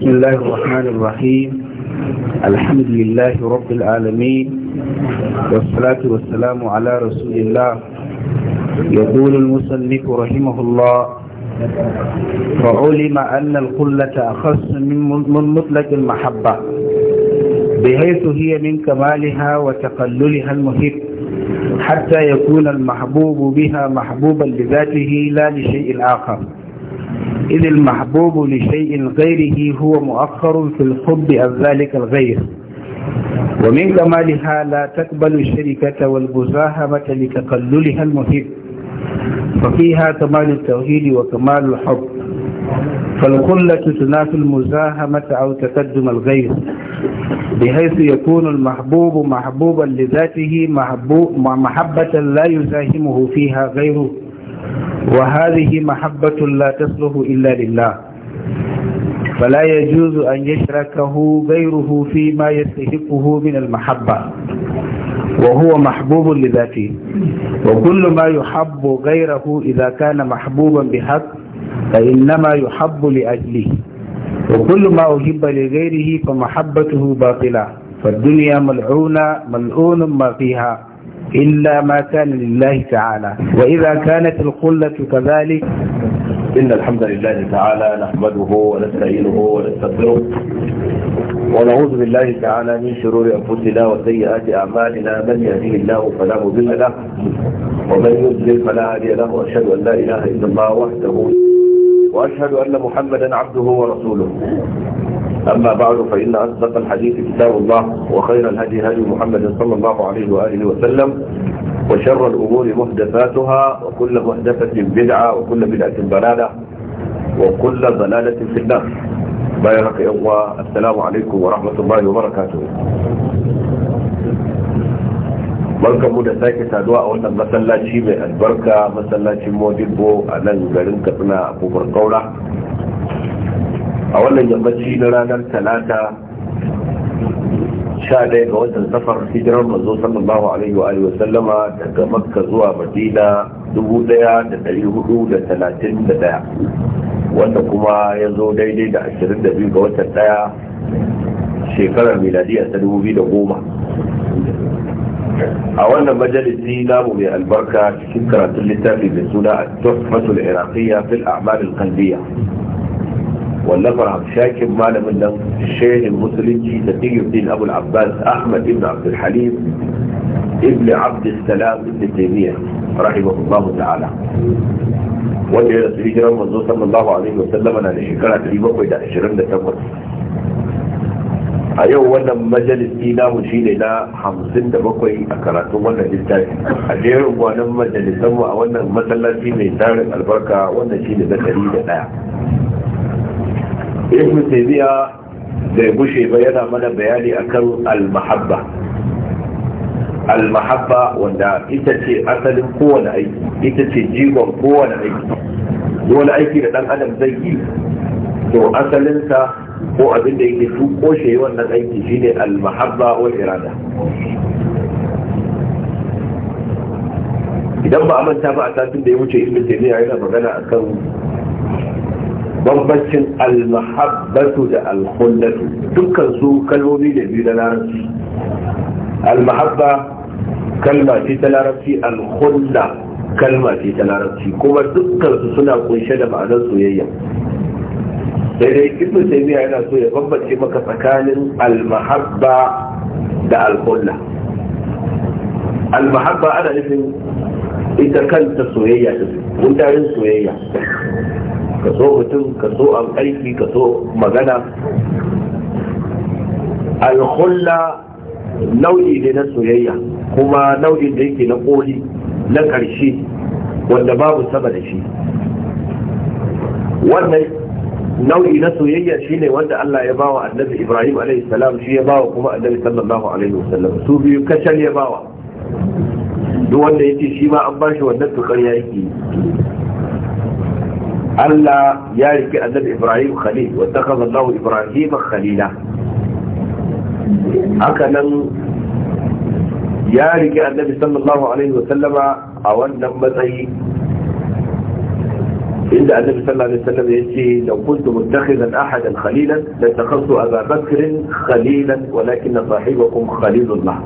بسم الله الرحمن الرحيم الحمد لله رب العالمين والصلاة والسلام على رسول الله يقول المصنف رحمه الله وعلم أن القلة أخص من مطلق المحبة بحيث هي من كمالها وتقللها المحب حتى يكون المحبوب بها محبوبا لذاته لا لشيء آخر إذ المحبوب لشيء غيره هو مؤخر في الحب عن ذلك الغير ومن كمالها لا تقبل الشركة والمزاحمة لتقللها المحب ففيها كمال التوحيد وكمال الحب فالخلة تنافي المزاحمة أو تقدم الغير بحيث يكون المحبوب محبوبا لذاته محبوب محبة لا يزاحمه فيها غيره وهذه محبة لا تصلح إلا لله فلا يجوز أن يشركه غيره فيما يستحقه من المحبة وهو محبوب لذاته وكل ما يحب غيره إذا كان محبوبا بحق فإنما يحب لأجله وكل ما أحب لغيره فمحبته باطلة فالدنيا ملعونة ملعون ما فيها إلا ما كان لله تعالى وإذا كانت القلة كذلك إن الحمد لله تعالى نحمده ونستعينه ونستغفره ونعوذ بالله تعالى من شرور أنفسنا وسيئات أعمالنا من يهديه الله فلا مضل له ومن يضلل فلا هادي له وأشهد أن لا إله إلا الله وحده وأشهد أن محمدا عبده ورسوله أما بعد فإن أصدق الحديث كتاب الله وخير الهدي هدي محمد صلى الله عليه وآله وسلم وشر الأمور محدثاتها وكل محدثة بدعة وكل بدعة ضلالة وكل ضلالة في النار بارك الله السلام عليكم ورحمة الله وبركاته barkan mu da sake saduwa a wannan masallaci mai albarka masallacin modibbo a nan garin katsina a kofar kaura a wannan yammaci na ranar talata sha ɗaya ga watan safar hijirar manzo sallallahu alaihi wa sallama daga makka zuwa madina dubu ɗaya da ɗari hudu da talatin da ɗaya wanda kuma ya zo daidai da ashirin da biyu ga watan ɗaya shekarar miladiya ta dubu biyu da goma a wannan majalisi namu mai albarka cikin karatun littafi mai suna a tuhfatul iraqiyya fil a'mal al-qalbiyya wallafar hamshakin malamin nan shehin musulunci da tigirtin abul abbas ahmad ibn abdulhalim ibn abdulsalam ibn taimiyya rahimahullahu ta'ala wanda ya rasu hijirar manzo sallallahu alaihi wasallama na da shekara 728 a yau wannan majalisi namu shi ne na 57 a karatun wannan littafi a jerin gwanon majalisanmu a wannan masallaci mai tarin albarka wannan shi ne na 101 ibn taymiya bai gushe ba yana mana bayani akan al-mahabba al-mahabba wanda ita ce asalin kowane aiki ita ce jigon kowane aiki dole aiki da dan adam zai yi to asalinsa ko abin da yake su koshe wannan aiki shine al-mahabba wal irada idan ba a manta ba a satin da ya wuce ibn taymiya yana magana akan bambancin almahabbatu da alhullatu dukkan su kalmomi da biyu na larabci almahabba kalma ce ta larabci alhulla kalma ce ta larabci kuma dukkan su suna kunshe da ma'anar soyayya Daidai dai taymiya yana so ya bambance maka tsakanin almahabba da alhulla almahabba ana nufin ita kanta soyayya ta soyayya ka so mutum ka so an aiki ka so magana alhulla nau'i ne na soyayya kuma nau'in da yake na koli na ƙarshe wanda babu sama da shi wannan nau'i na soyayya shine wanda Allah ya bawa annabi Ibrahim alaihi salam shi ya bawa kuma annabi sallallahu alaihi wasallam su biyu kacal ya bawa duk wanda yake shi ma an bashi wannan tukar ya yake Allah ya rike annabi Ibrahim khalil wa takaza Allah Ibrahim khalila haka nan ya rike annabi sallallahu alaihi wa sallama a wannan matsayi inda annabi sallallahu alaihi wa sallam yace law kuntu muttakhidan ahadan khalilan la takhassu Abu Bakr khalilan walakin sahibakum khalilullah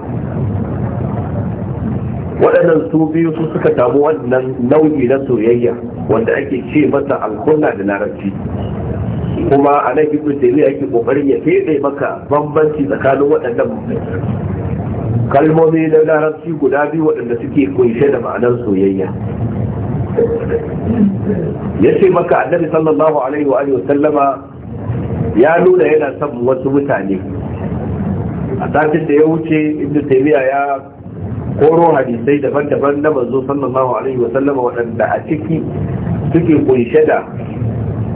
waɗannan su biyu su suka samu wannan nau'i na soyayya wanda ake ce masa alkunna da larabci kuma a nan ibn taymiya yake kokarin ya fede maka bambanci tsakanin waɗannan kalmomi na larabci guda biyu waɗanda suke kunshe da ma'anar soyayya ya ce maka annabi sallallahu alaihi wa sallama ya nuna yana son wasu mutane a da ya wuce inda taymiya ya koro hadisai daban-daban na manzo sallallahu alaihi wa sallama waɗanda a ciki suke kunshe da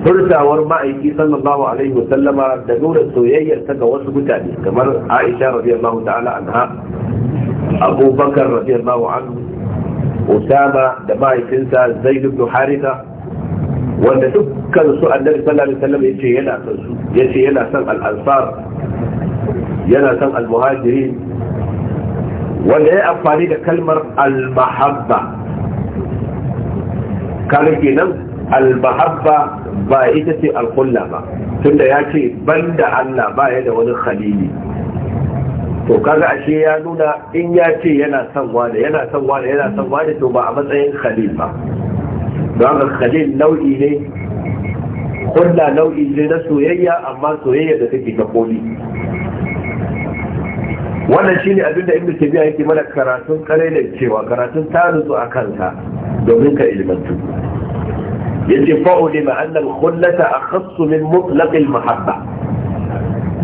furtawar ma'aiki sallallahu alaihi wa sallama da nuna soyayyar ta ga wasu mutane kamar Aisha radiyallahu ta'ala anha Abubakar Bakar radiyallahu anhu Usama da ma'aikinsa Zaid ibn Haritha wanda dukkan su annabi sallallahu alaihi wasallam yace yana son su yace yana son al-ansar yana son al-muhajirin wanda ya amfani da kalmar al-mahabba kaga nan al-mahabba ba ita ce al-kulla ba tunda ya ce banda Allah ba ya da wani khalili to kaga ashe ya nuna in ya ce yana son wani yana son wani yana son wani to ba a matsayin khalil ba don haka khalil nau'i ne kulla nau'i ne na soyayya amma soyayya da take ta koli wannan shine abin da ibnu tabiya yake mana karatun kare da cewa karatun ta nutsu a kanka domin ka ilmantu yace fa'uli ma anna al-khullata akhass min mutlaq al-mahabba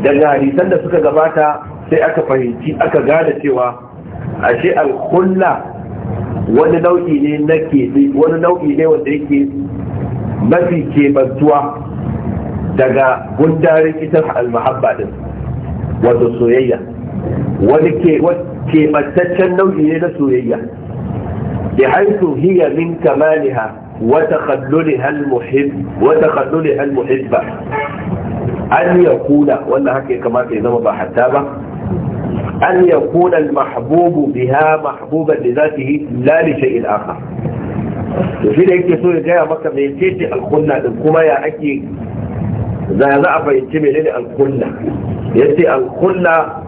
daga hadisan da suka gabata sai aka fahimci aka gane cewa ashe al-khulla wani nau'i ne nake wani nau'i ne wanda yake mafi kebantuwa daga gundarin ita al-mahabba din wato soyayya wani keɓantaccen nau'i ne na soyayya da haitu hiya min kamaliha wa takhalluliha wata muhib wa takhalluliha al-muhibba an yakuna wannan haka ya kamata ya zama ba hatta ba an yakuna al-mahbubu biha mahbuban li zatihi la li shay'in akhar to shi da yake so ya gaya maka mai cece alkunna din kuma ya ake za a fahimci menene alkunna ya ce alkunna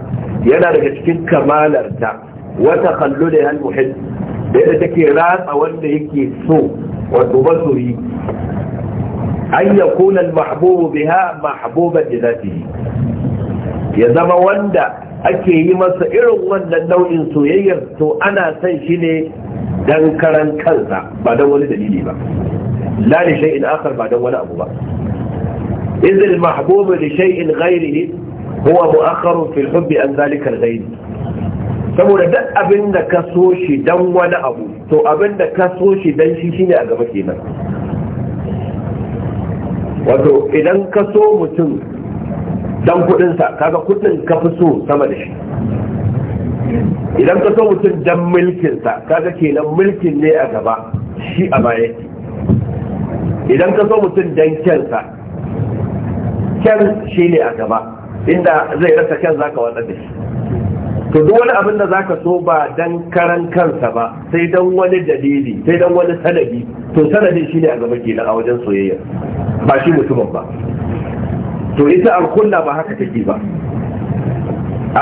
yana daga cikin kamalarta wata kallo da yan muhim da yadda take ratsa wanda yake so wato basuri an ya kunan mahbubu biha mahbuban da zafi ya zama wanda ake yi masa irin wannan nau'in soyayyar to ana son shi ne dan karan kansa ba don wani dalili ba la da shay'in akhar ba don wani abu ba izil mahbubu da shay'in ghairihi huwa mu'akharun fil hubbi an zalika al saboda duk abin da ka so shi don wani abu to abin da ka so shi don shi shine a gaba kenan wato idan ka so mutum don kudinsa kaga kudin ka fi so sama da shi idan ka so mutum dan mulkinsa kaga kenan mulkin ne a gaba shi a baya idan ka so mutum don kyansa kyan shi ne a gaba inda zai rasa kyan zaka watsa da shi to duk wani abin da zaka so ba dan karan kansa ba sai dan wani dalili sai dan wani sanadi to sanadin shine a gaba kenan a wajen soyayya ba shi mutumin ba to ita alkulla ba haka take ba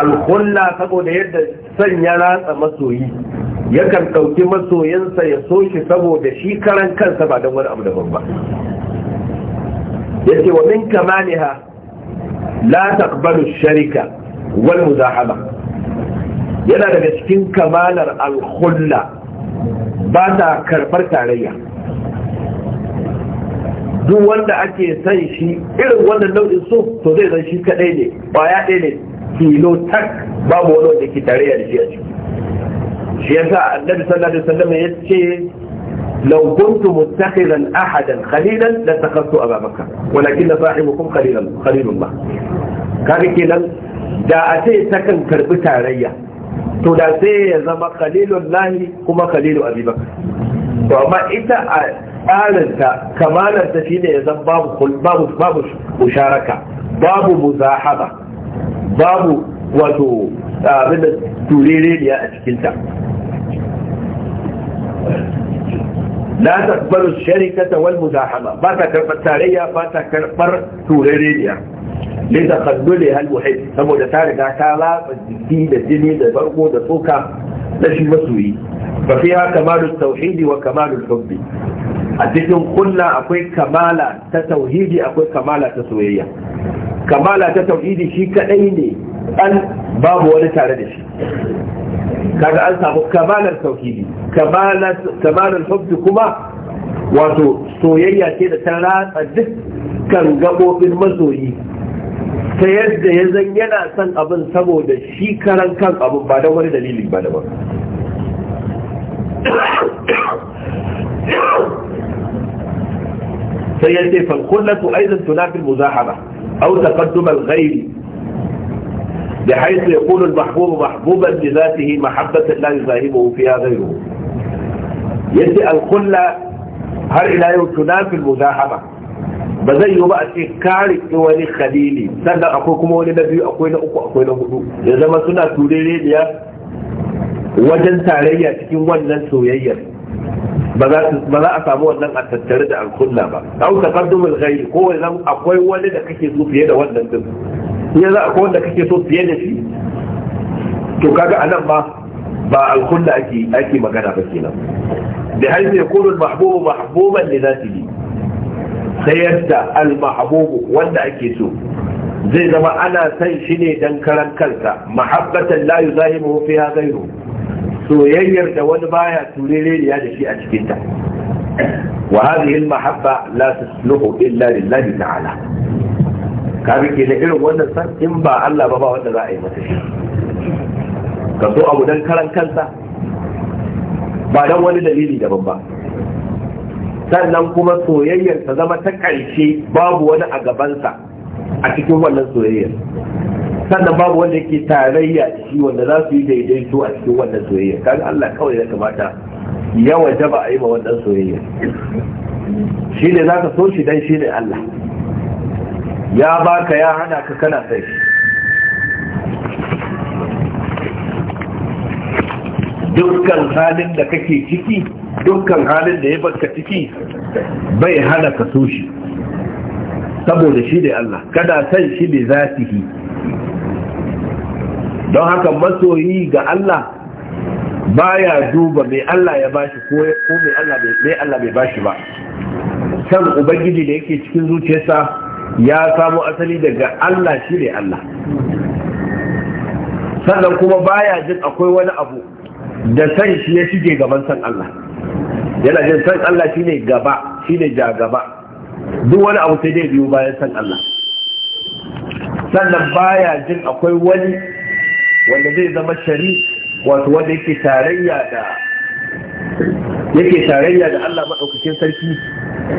alkulla saboda yadda son ya ratsa masoyi yakan ɗauki masoyinsa ya so shi saboda shi karan kansa ba don wani abu daban ba yake wa min kamaniha la taqbalu sharika wal muzahaba yana daga cikin kamalar al-khulla ba ta karbar tarayya duk wanda ake san shi irin wannan nau'in so to zai zan shi kadai ne baya ɗaya ne filo tak babu wani wanda ke tarayya da shi a ciki shi yasa annabi sallallahu alaihi wasallam ya ce لو كنت متخذا أحدا خليلا لاتخذت أبا بكر ولكن صاحبكم خليل خليل الله كان كلا da a ce takan karbi tarayya to sai ya zama khalilun lahi kuma khalilu abubakar amma ita a tsarinta kamalarta shi ne ya zama babu babu musharaka babu muzahaba babu wato abin da a cikinta la taqbalu sharikata wal muzahama ba ta karbar tarayya ba ta karbar turereniya ne da kaddole hal muhib saboda ta riga ta latsa jiki da jini da farko da tsoka da shi masoyi fa fiha kamalu tauhidi wa kamalu hubbi a cikin akwai kamala ta akwai kamala ta soyayya kamala ta tauhidi shi kadai ne an babu wani tare da shi kaga an samu kamalar tauhidi kamalar hubbi kuma wato soyayya ce da ta ratsa dukkan gabobin masoyi ta yadda ya zan yana son abin saboda shi karan kan abin ba don wani dalili ba da ba sai yace fa kullatu na tunafil muzahara aw taqaddum al-ghayr بحيث يكون المحبوب محبوبا لذاته محبة لا يزاهمه فيها غيره يدي الخلة هر إلى يوم تنافي المزاحمة ba zai yi ba a ce kare wani khalili sannan akwai kuma wani na biyu akwai na uku akwai na hudu ya zama suna turere biya wajen tarayya cikin wannan soyayyar ba za a samu wannan a tattare da alkulla ba au taqaddumul ghayr akwai wani da kake so fiye da wannan ya za a wanda kake so fiye da shi to kaga anan nan ba alkulla ake ake magana ba kenan da haifu ya kunu mahbubu mahbuban da za yi sai yadda wanda ake so zai zama ana san shi ne dan karan kansa mahabbatan la yuzahimu fiha ghayru soyayyar da wani baya turereniya da shi a cikin ta wa hadhihi almahabba la tasluhu illa lillahi ta'ala ka rike na irin wannan san in ba Allah ba ba wanda za a yi masa shi ka so abu dan karan kansa ba dan wani dalili daban ba sannan kuma soyayyar ta zama ta ƙarshe babu wani a gabansa a cikin wannan soyayyar sannan babu wanda yake tarayya shi wanda za su yi daidaito a cikin wannan soyayya kan Allah kawai ya kamata ya wajaba a yi ma wannan soyayya shi ne za ka so shi dan shi ne Allah ya ba ka ya hana ka kana sai dukkan halin da kake ciki dukkan halin da ya baka ciki bai hana ka so shi saboda shi da Allah kada san shi da zatihi don haka masoyi ga Allah baya duba mai Allah ya bashi ko mai Allah bai bashi ba san ubangiji da yake cikin zuciyarsa ya samo asali daga Allah shi ne Allah sannan kuma baya jin akwai wani abu da san shi ya shige gaban san Allah yana jin san Allah shi ne gaba shi ne ja gaba duk wani abu sai dai biyu bayan san Allah sannan baya jin akwai wani wanda zai zama shari wato wanda yake tarayya da yake tarayya da Allah maɗaukakin sarki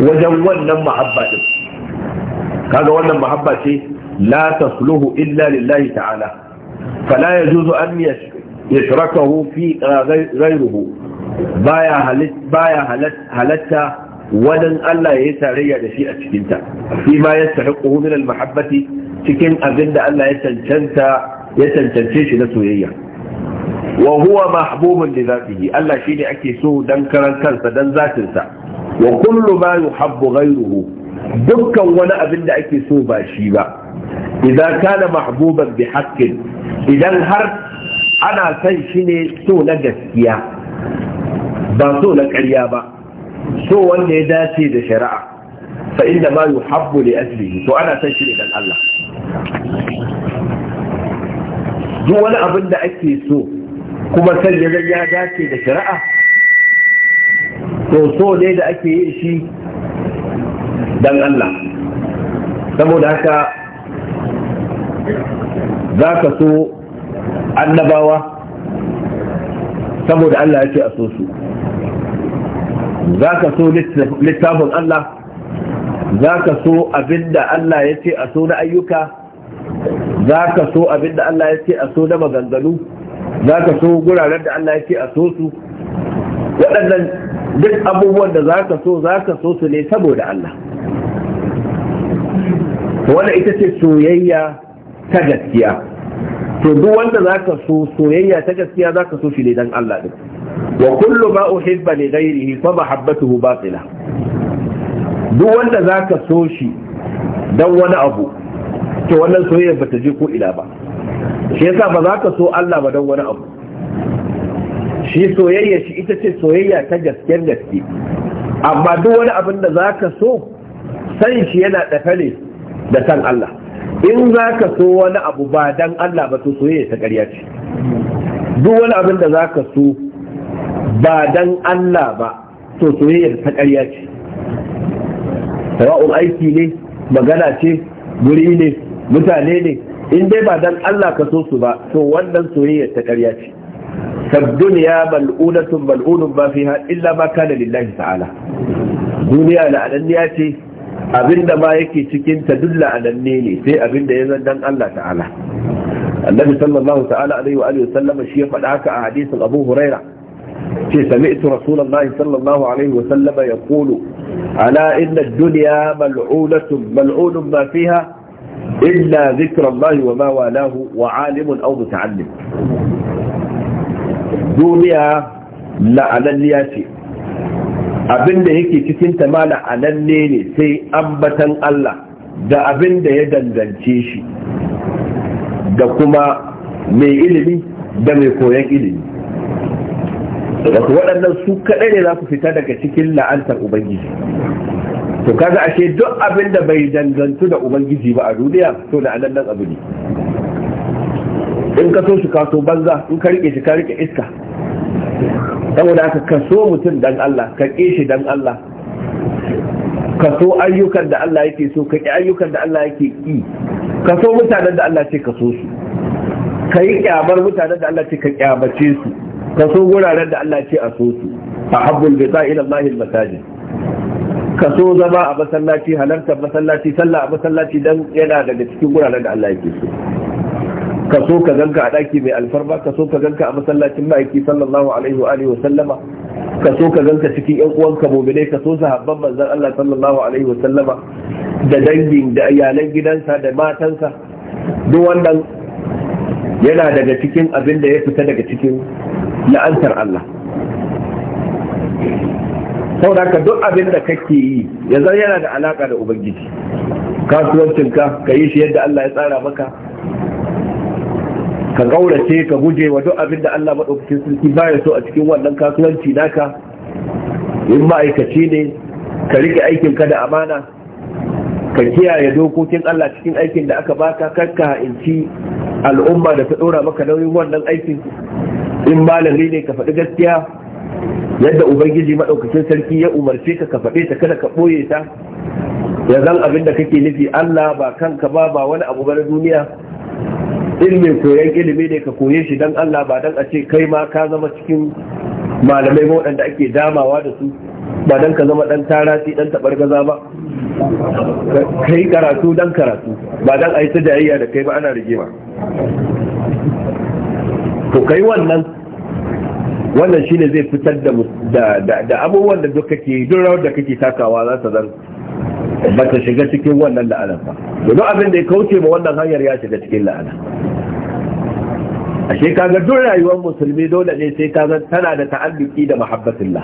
wajen wannan mahabba din kaga wannan mahabba ce la tasluhu illa lillahi ta'ala fala yajuzu an yashrakahu fi uh, ghayrihi baya baya halatta wadan Allah yayi tarayya da shi a cikin ta fi ma yastahiqu min al-mahabbati cikin abinda Allah ya cancanta ya cancance shi na soyayya wa huwa mahbubun li zatihi Allah shine ake so dan karan kansa dan zatin sa wa kullu ma yuhabbu ghayruhu dukkan wani abin da ake so ba shi ba idan kana mahbuban bi haƙƙin, idan har ana san shi ne so na gaskiya ba so na ƙarya ba so wanda ya dace da shari'a fa inda ma yuhabbu li aslihi to ana san shi ne dan Allah duk wani abin da ake so kuma san ya dace da shari'a to so ne da ake yin shi dan Allah saboda haka za ka so annabawa saboda Allah ya ce a so su za ka so littafin Allah za ka so abinda Allah ya ce a so na ayyuka za ka so abinda Allah ya ce a so na maganganu za ka so guraren da Allah ya ce a so su waɗannan duk abubuwan da za ka so za ka so su ne saboda Allah wannan ita ce soyayya ta gaskiya to duk wanda zaka so soyayya ta gaskiya zaka so shi ne dan Allah din wa kullu ma uhibba li ghayrihi fa mahabbatuhu batila duk wanda zaka so shi dan wani abu to wannan soyayya bata je ko ila ba shi yasa ba za ka so Allah ba dan wani abu shi soyayya shi ita ce soyayya ta gasken gaske amma duk wani abin da za ka so san shi yana dafa ne da san Allah in za ka so wani abu ba dan Allah ba to soyayya ta ƙarya ce duk wani abin da za ka so ba dan Allah ba to soyayya ta ƙarya ce sawa'un aiki ne magana ce guri ne mutane ne in dai ba dan Allah ka so su ba to wannan soyayya ta ƙarya ce فالدنيا ملؤونة ملؤون ما فيها إلا ما كان lillahi ta'ala. duniya da ce abinda ma yake cikin ta duk la'ananne ne sai abinda ya zan dan Allah ta'ala annabi sallallahu ta'ala alaihi wa alihi sallama shi ya faɗa haka a hadisin Abu Huraira ce sami'tu rasulullahi sallallahu alaihi wa sallama yaqulu ala inna ad-dunya mal'unatun mal'unun ma fiha illa dhikra Allah wa ma walahu wa 'alimun aw muta'allim duniya la'ananniya ce abin da yake cikin ta mala ananne ne sai ambatan Allah da abin da ya dandance shi da kuma mai ilimi da mai koyon ilimi wato waɗannan su kaɗai ne za ku fita daga cikin la'antar ubangiji to kaga ashe duk abin da bai dangantu da ubangiji ba a duniya to da anan abu ne in ka so shi kaso banza in ka rike shi ka rike iska saboda haka ka kaso mutum dan Allah ka ƙi dan Allah ka so ayyukan da Allah yake so ka ƙi ayyukan da Allah yake ƙi ka so mutanen da Allah ce ka so su ka yi ƙyamar mutanen da Allah ce ka ƙyamace su ka so wuraren da Allah ce a so su a habbul bita ila Allahil masajid ka so zama a masallaci halartar masallaci sallah a masallaci don yana daga cikin wuraren da Allah yake so ka so ka ganka a ɗaki mai alfarma ka so ka ganka a masallacin ma'aiki sallallahu alaihi wa alihi wa sallama ka so ka ganka cikin yan uwanka mu'minai ka so sahabban manzon Allah sallallahu alaihi wa sallama da dangin da iyalan gidansa da matansa duk wannan yana daga cikin abin da ya fita daga cikin la'antar Allah saboda duk abin da kake yi yanzu yana da alaka da ubangiji kasuwancinka ka yi shi yadda Allah ya tsara maka ka gaurace ka guje wa duk abin da Allah maɗaukacin sarki baya so a cikin wannan kasuwanci naka in ma'aikaci ne ka rike aikin ka da amana ka kiyaye dokokin Allah cikin aikin da aka baka karka inci al'umma da ta ɗora maka nauyin wannan aikin in malami ne ka faɗi gaskiya yadda ubangiji maɗaukacin sarki ya umarce ka ka faɗe ta kada ka ɓoye ta ya zan abin da kake nufi Allah ba kanka ba ba wani abu ba na duniya in mai koyon ilimi ne ka koye shi don Allah ba don a ce kai ma ka zama cikin malamai waɗanda ake damawa da su ba don ka zama ɗan tarasi taɓar gaza ba Ka yi karatu don karatu ba don a yi ta da kai ba ana rigima to kai wannan wannan shine zai fitar da abubuwan da duk kake duk rawar da kake takawa za ta zan ba ta shiga cikin wannan la'anar ba domin abin da ya kauce ba wannan hanyar ya shiga cikin la'ana ashe kaga duk rayuwar musulmi dole ne sai kaga tana da ta'alluki da mahabbatullah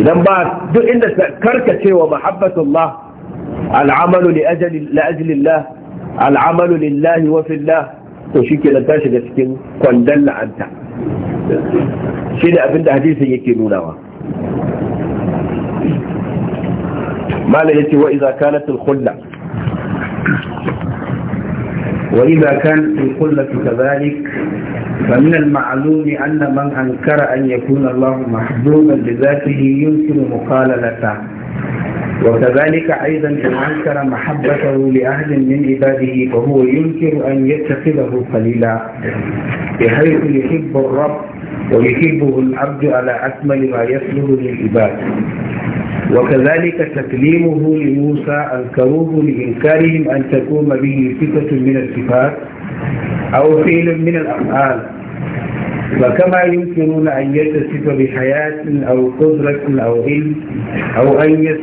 idan ba duk inda karkacewa mahabbatullah al'amalu li ajali la ajlillah al'amalu lillahi wa fillah to shike da ta shiga cikin kwandon la'anta shi abinda abin da hadisin yake nunawa malam yace wa idza kanat al khulla wa idza فمن المعلوم أن من أنكر أن يكون الله محبوبا لذاته يمكن مخاللته وكذلك أيضا إن أنكر محبته لأهل من عباده فهو ينكر أن يتخذه خليلا بحيث يحب الرب ويحبه العبد على أكمل ما يسلب للعباد وكذلك تكليمه لموسى أنكروه لإنكارهم أن تقوم به صفة من الصفات أو فعل من الأفعال فكما يمكنون أن يتصف بحياة أو قدرة أو علم أو أن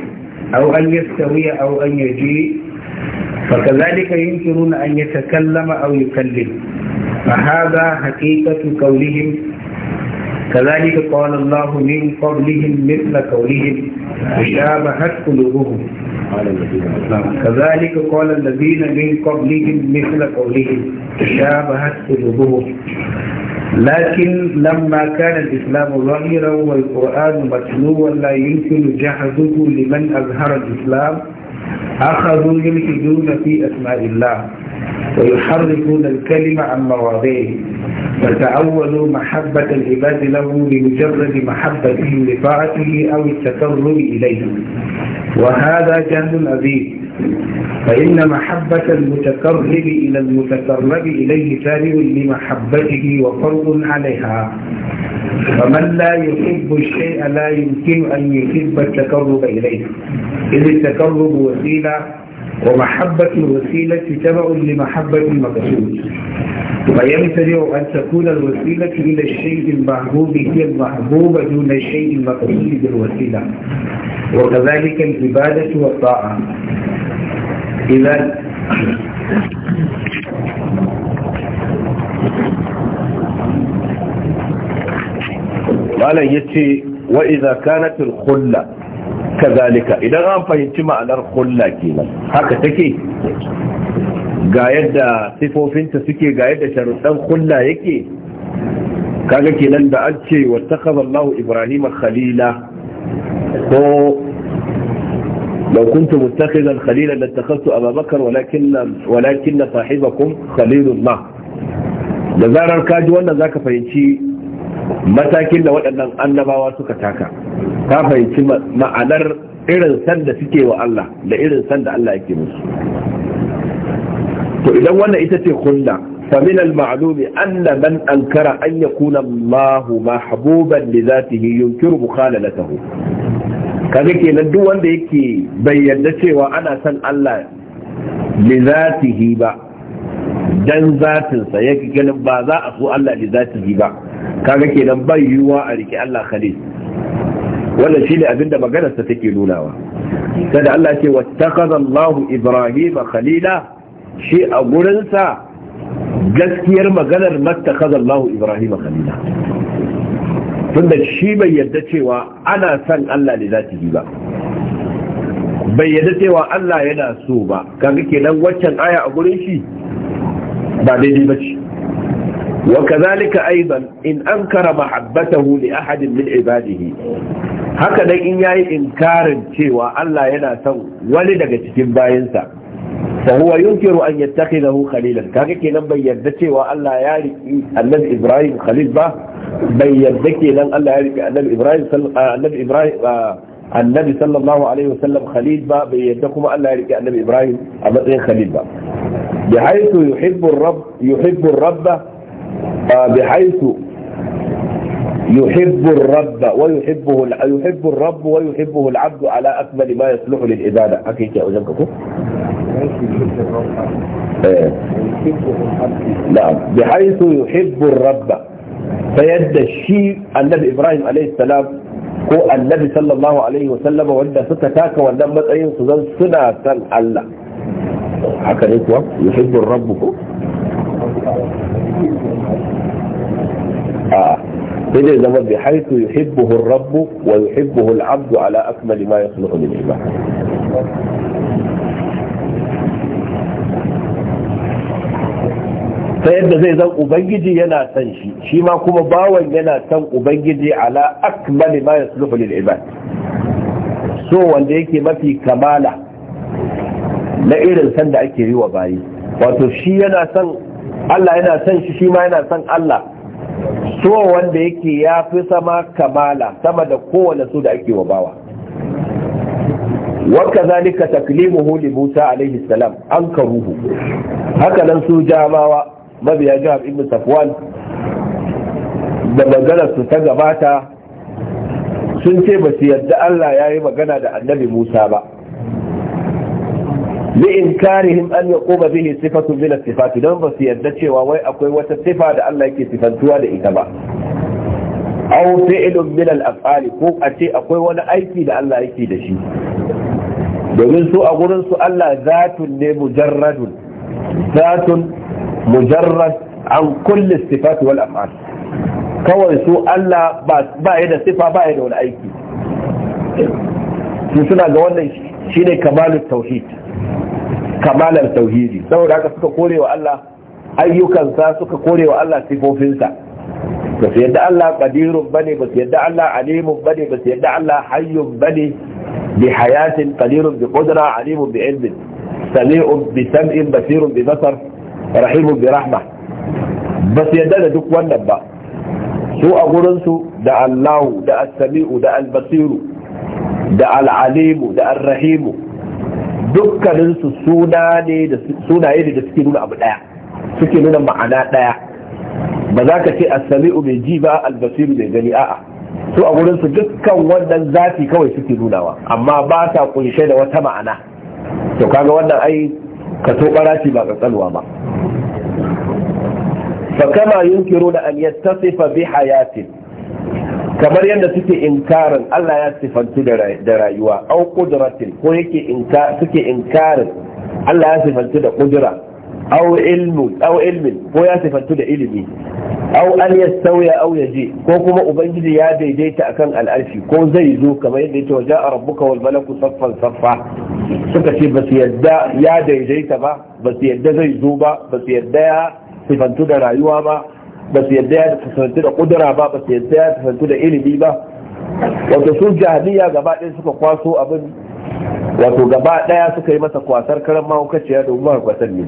أو أن يستوي أو أن يجيء فكذلك يمكنون أن يتكلم أو يكلم فهذا حقيقة قولهم كذلك قال الله من قبلهم مثل قولهم تشابهت قلوبهم كذلك قال الذين من قبلهم مثل قولهم تشابهت قلوبهم لكن لما كان الإسلام ظاهرا والقرآن متلوا لا يمكن جحده لمن أظهر الإسلام أخذوا يلحدون في أسماء الله ويحرفون الكلمة عن مواضعه فتأولوا محبة العباد له لمجرد محبتهم لطاعته أو التقرب إليه وهذا جهل أبيه فإن محبة المتقرب إلى المتقرب إليه تابع لمحبته وفرض عليها فمن لا يحب الشيء لا يمكن أن يحب التقرب إليه إذ التقرب وسيلة ومحبة الوسيلة تبع لمحبة المقصود ويمتنع أن تكون الوسيلة إلى الشيء المحبوب هي المحبوبة دون الشيء المقصود بالوسيلة وكذلك العبادة والطاعة إذا قال يتي وإذا كانت الخلة kazalika idan an fahimci ma'anar hulla kenan haka take ga yadda sifofinta suke ga yadda sharuɗan yake kaga kenan da an ce wa takaza Allah Ibrahim khalila ko لو كنت متخذا خليلا a أبا بكر ولكن, ولكن صاحبكم خليل الله da zarar kaji wannan zaka fahimci matakin da waɗannan annabawa suka taka ka fahimci ma'anar irin san suke wa Allah da irin san da Allah yake musu to idan wannan ita ce kulla فمن المعلوم أن من أنكر أن يكون الله محبوبا لذاته ينكر مخاللته kaga kenan duk wanda yake bayyana cewa ana son Allah li zatihi ba dan zatin sa yake ganin ba za a so Allah li zatihi ba kaga kenan bai yiwuwa a rike Allah khalil wannan shine abinda maganar sa take nunawa sai da Allah ya ce wattakaza Allah Ibrahim khalila shi a gurin sa gaskiyar maganar mattakaza Allah Ibrahim khalila tunda shi bai yarda cewa ana son Allah ne zati ba bai yarda cewa Allah yana so ba kaga kenan waccan aya a gurin shi ba daidai ba ce وكذلك أيضا إن أنكر محبته لأحد من عباده haka dai in yayi inkarin cewa Allah yana son wani daga cikin bayansa fa huwa yunkiru an yattakhidahu khalilan kaga kenan bai yarda cewa Allah ya riki annabi Ibrahim khalil ba bai yarda kenan Allah ya riki annabi Ibrahim annabi Ibrahim annabi sallallahu alaihi wasallam khalil ba bai yarda kuma Allah ya riki annabi Ibrahim a matsayin khalil ba bihaythu yuhibbu ar-rabb yuhibbu ar-rabb bihaythu يحب الرب ويحبه يحب الرب ويحبه العبد على أكمل ما يصلح للعبادة حكيت يا أجابك نعم بحيث يحب الرب فيد الشيء النبي إبراهيم عليه السلام هو النبي صلى الله عليه وسلم وإن ستتاك وإن مدعين سنة سنة الله haka ne يحب الرب hibbin آه. rabbu sai dai zama bi haitu hibbuhun rabbu wa yuhibbuhu hibbuhun abdu ala akmali ma yasluhu lil ibad ta yadda zai zan ubangiji yana san shi shi ma kuma bawan yana san ubangiji ala akmali ma yasluhu lil ibad so wanda yake mafi kamala na irin san da ake yi wa bayi wato shi yana san Allah yana san shi shi ma yana san Allah so wanda yake ya fi sama kamala sama da kowane su da ake wa bawa waka zalika taklimuhu li Musa alaihi salam an karuhu haka nan su jamawa mabiya jihar ibn Safwan da magana su ta gabata sun ce ba su yadda Allah ya yi magana da annabi Musa ba bi in kare yaquma bihi sifatun min as-sifat dan ba su yadda cewa wai akwai wata sifa da Allah yake sifantuwa da ita ba aw fi'lun min al ko a ce akwai wani aiki da Allah domin su a gurin su Allah zatun ne mujarradun zatun mujarrad an kulli sifat wal af'al kawai su Allah ba ya da sifa ba ya da wani aiki su suna ga wannan shine kamalul tauhid kamalar tauhidi saboda haka suka korewa Allah ayyukansa suka korewa Allah sifofinsa ba su yadda Allah qadirun bane ba su yadda Allah alimun bane ba su yadda Allah hayyun bane bi hayatin qadirun bi qudra alimun bi ilmin sami'un bi sam'in basirun bi basar rahimun bi rahma ba su yadda da duk wannan ba su a gurinsu da Allahu da as-sami'u da al-basiru da al-alimu da ar-rahimu dukkaninsu sunaye da suke nuna abu ɗaya suke nuna ma'ana ɗaya ba za ka ce as-sami'u bai ji ba al-basiru bai gani a'a su a wurinsu dukkan wannan zafi kawai suke nunawa amma ba sa kunshe da wata ma'ana to kaga wannan ai ka to baraci ba katsalwa ba fa kama yunkiru da an yattasifa bi hayatin kamar yadda suke inkarin Allah ya sifantu da rayuwa au kudratin ko yake suke inkarin Allah ya sifantu da kudura au ilmu au ilmin ko ya sifantu da ilimi au an yastawiya au yaje, ko kuma ubangiji ya daidaita akan al'arshi ko zai zo kamar yadda yake wajen rabbuka wal malaku saffan saffa suka ce basu yadda ya daidaita ba basu yadda zai zo ba basu yadda ya sifantu da rayuwa ba ba su yadda ya kasantu da kudura ba ba su yadda ya kasantu da ilimi ba wato su jahiliya gaba ɗaya suka kwaso abin wato gaba ɗaya suka yi masa kwasar karan mahaukaciya domin mahaukatan ne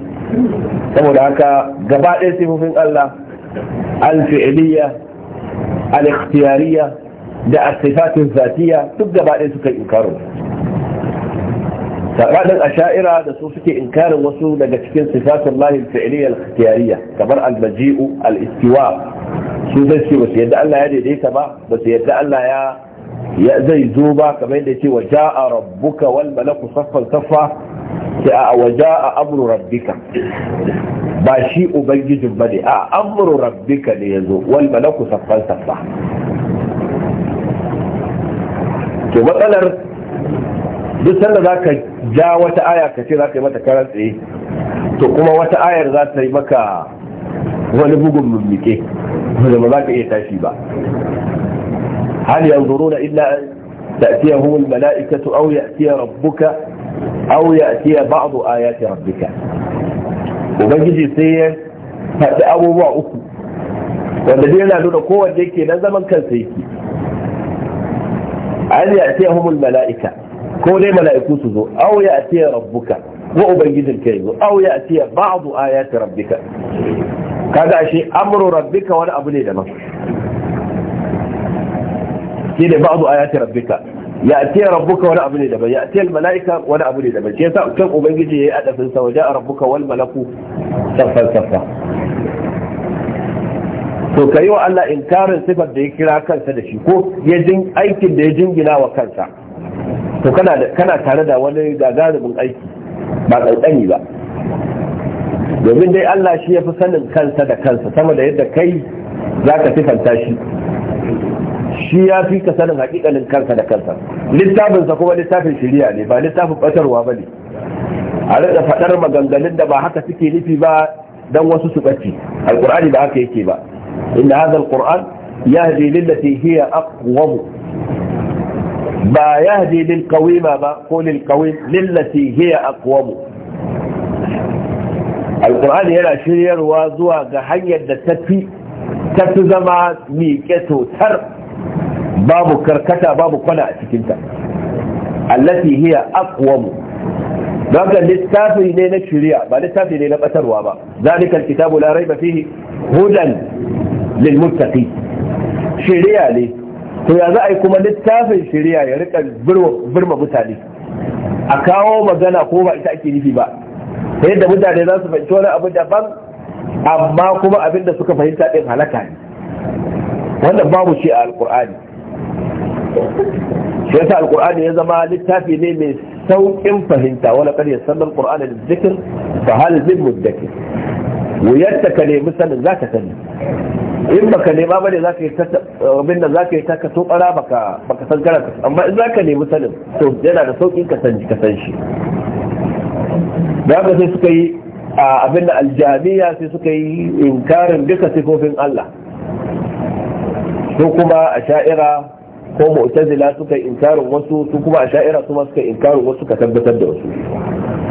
saboda haka gaba ɗaya sifofin Allah al-fi'liya al da asifatin zatiya duk gaba ɗaya suka inkaru sabanin asha'ira da su suke inkarin wasu daga cikin sifatun lahin fi'liya al-ikhtiyariya kamar al-maji'u al-istiwa su zai ce wasu yadda Allah ya daidaita ba Wasu yadda Allah ya ya zai zo ba kamar yadda ce wa ja'a rabbuka wal malaku saffan saffa sai a wa ja'a amru rabbika ba shi ubangijin ne, a amru rabbika ne ya yazo wal malaku saffan saffa to matsalar duk sanda za ka ja wata aya ka ce za ka yi mata karan tsaye to kuma wata ayar za ta yi maka wani bugun mummike wanda ba za ka iya tashi ba hal na illa تأتيهم الملائكة أو يأتي ربك أو يأتي بعض آيات ربك وبنجي سيئا فأبو بعض والذين ينالون قوة ديكي نزما كالسيكي أن humul الملائكة ko dai mala'iku su zo aw ya atiya rabbuka wa ubangijin kai zo aw ya atiya ba'du ayati rabbika kaga ashe amru rabbika wani abu ne daban shi ne ba'du ayati rabbika ya atiya rabbuka wani abu ne daban ya atiya mala'ika wani abu ne daban shi yasa kan ubangiji yayi adafin sa waja rabbuka wal malaku saffan saffa to kai wa Allah inkarin sifar da ya kira kansa da shi ko ya jin aikin da ya jingina wa kansa to kana tare da wani gagarumin aiki ba ƙanƙani ba domin dai Allah shi ya fi sanin kansa da kansa sama da yadda kai za ka fanta shi shi ya fi ka sanin hakikalin kansa da kansa littafinsa kuma littafin shirya ne ba littafin ɓatarwa ba ne a rika faɗar maganganun da ba haka suke nufi ba don wasu su ɓace alƙur'ani ba haka yake ba inda ƙur'an ya yahdi lillati hiya aqwam ba yahdi lil qawima ba ko lil qawim lillati hiya aqwam alqur'ani yana shiryarwa zuwa ga hanyar da tafi tafi zama miƙe totar babu karkata babu kwana a cikinta allati hiya aqwam don littafi ne na shirya ba littafi ne na batarwa ba kan kitabu Larai ba fihi hudan lil shirya ne to ya za a yi kuma littafin shari'a ya rika birma mutane a kawo magana ko ba ita ake nufi ba ta yadda mutane za su fahimci wani abu daban amma kuma abin da suka fahimta ɗin halaka ne wannan babu shi a Alƙur'ani. shi yasa Alƙur'ani ya zama littafi ne mai sauƙin fahimta wani ƙarya sannan ƙur'ani da zikin fa hal zin ka nemi sanin za ka sani in baka nema bane zaka yi abin da zaka yi taka to bara baka baka san kana amma in zaka nemi sanin to yana da sauƙin ka san ka san shi da haka sai suka yi abin da aljamiya sai suka yi inkarin duka sifofin Allah su kuma a sha'ira ko mu'tazila suka yi inkarin wasu su kuma a sha'ira su ma suka yi inkarin wasu ka tabbatar da wasu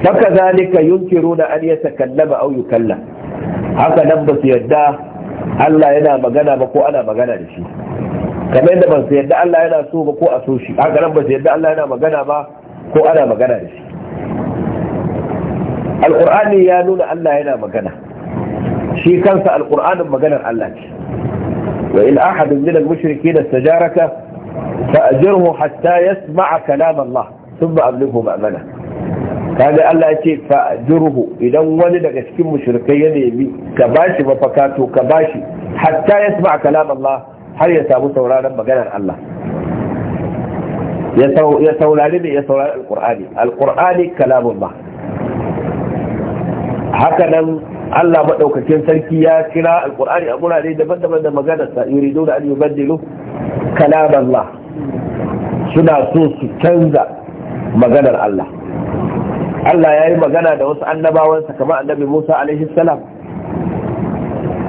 haka zalika yunkiruna an yatakallama aw yukalla haka nan ba su yadda Allah yana magana ba ko ana magana da shi kamar yadda ban su yadda Allah yana so ba ko a so shi haka nan ba su yadda Allah yana magana ba ko ana magana da shi alqur'ani ya nuna Allah yana magana shi kansa alqur'anin maganar Allah ce wa in ahadun min al-mushrikeen istajaraka fa ajirhu hatta yasma'a kalam Allah thumma ablighu ma'mana kaga Allah ya ce fa durhu idan wani daga cikin mushrikai ya nemi ka bashi mafaka to ka bashi hatta yasma kalam Allah har ya samu sauraron maganar Allah ya saurari ne ya saurari alqur'ani alqur'ani kalamullah haka nan Allah madaukakin sarki ya kira alqur'ani a gurare daban-daban da maganar sa yuriduna an yubaddilu kalam Allah suna so su canza maganar Allah Allah ya yi magana da wasu annabawansa kamar annabi Musa alaihi salam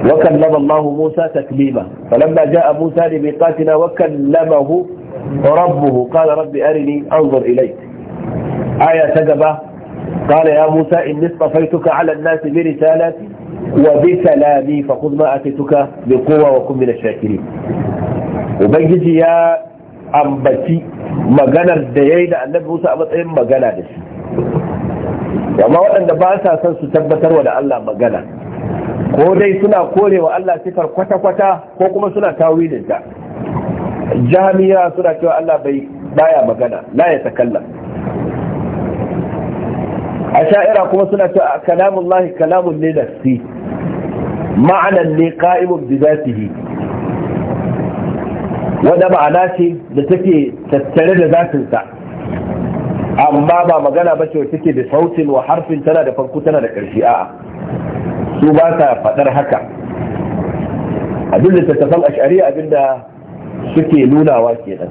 wa kallama Allah Musa taklima falamma a Musa li miqatina wa kallamahu rabbuhu qala rabbi arini anzur ilayk aya ta gaba قال يا موسى إني اصطفيتك على الناس برسالاتي وبكلامي فخذ ما أتيتك بقوة وكن من الشاكرين وبنجي يا ambaci maganar da ya yi da annabi musa a matsayin magana da shi amma waɗanda ba sa son su tabbatarwa da Allah magana ko dai suna korewa Allah sifar kwata-kwata ko kuma suna ta jami'a suna cewa Allah bai baya magana la ya takalla a sha'ira kuma suna cewa kalamun lahi kalamun ne da si ma'anan ne ka'imun bi zatihi wanda ma'ana ce da take tattare da zafinsa. amma ba magana ba ce take da sautin wa harfin tana da farko tana da ƙarshe a'a su ba sa faɗar haka abin da san a shari'a abinda suke nunawa kenan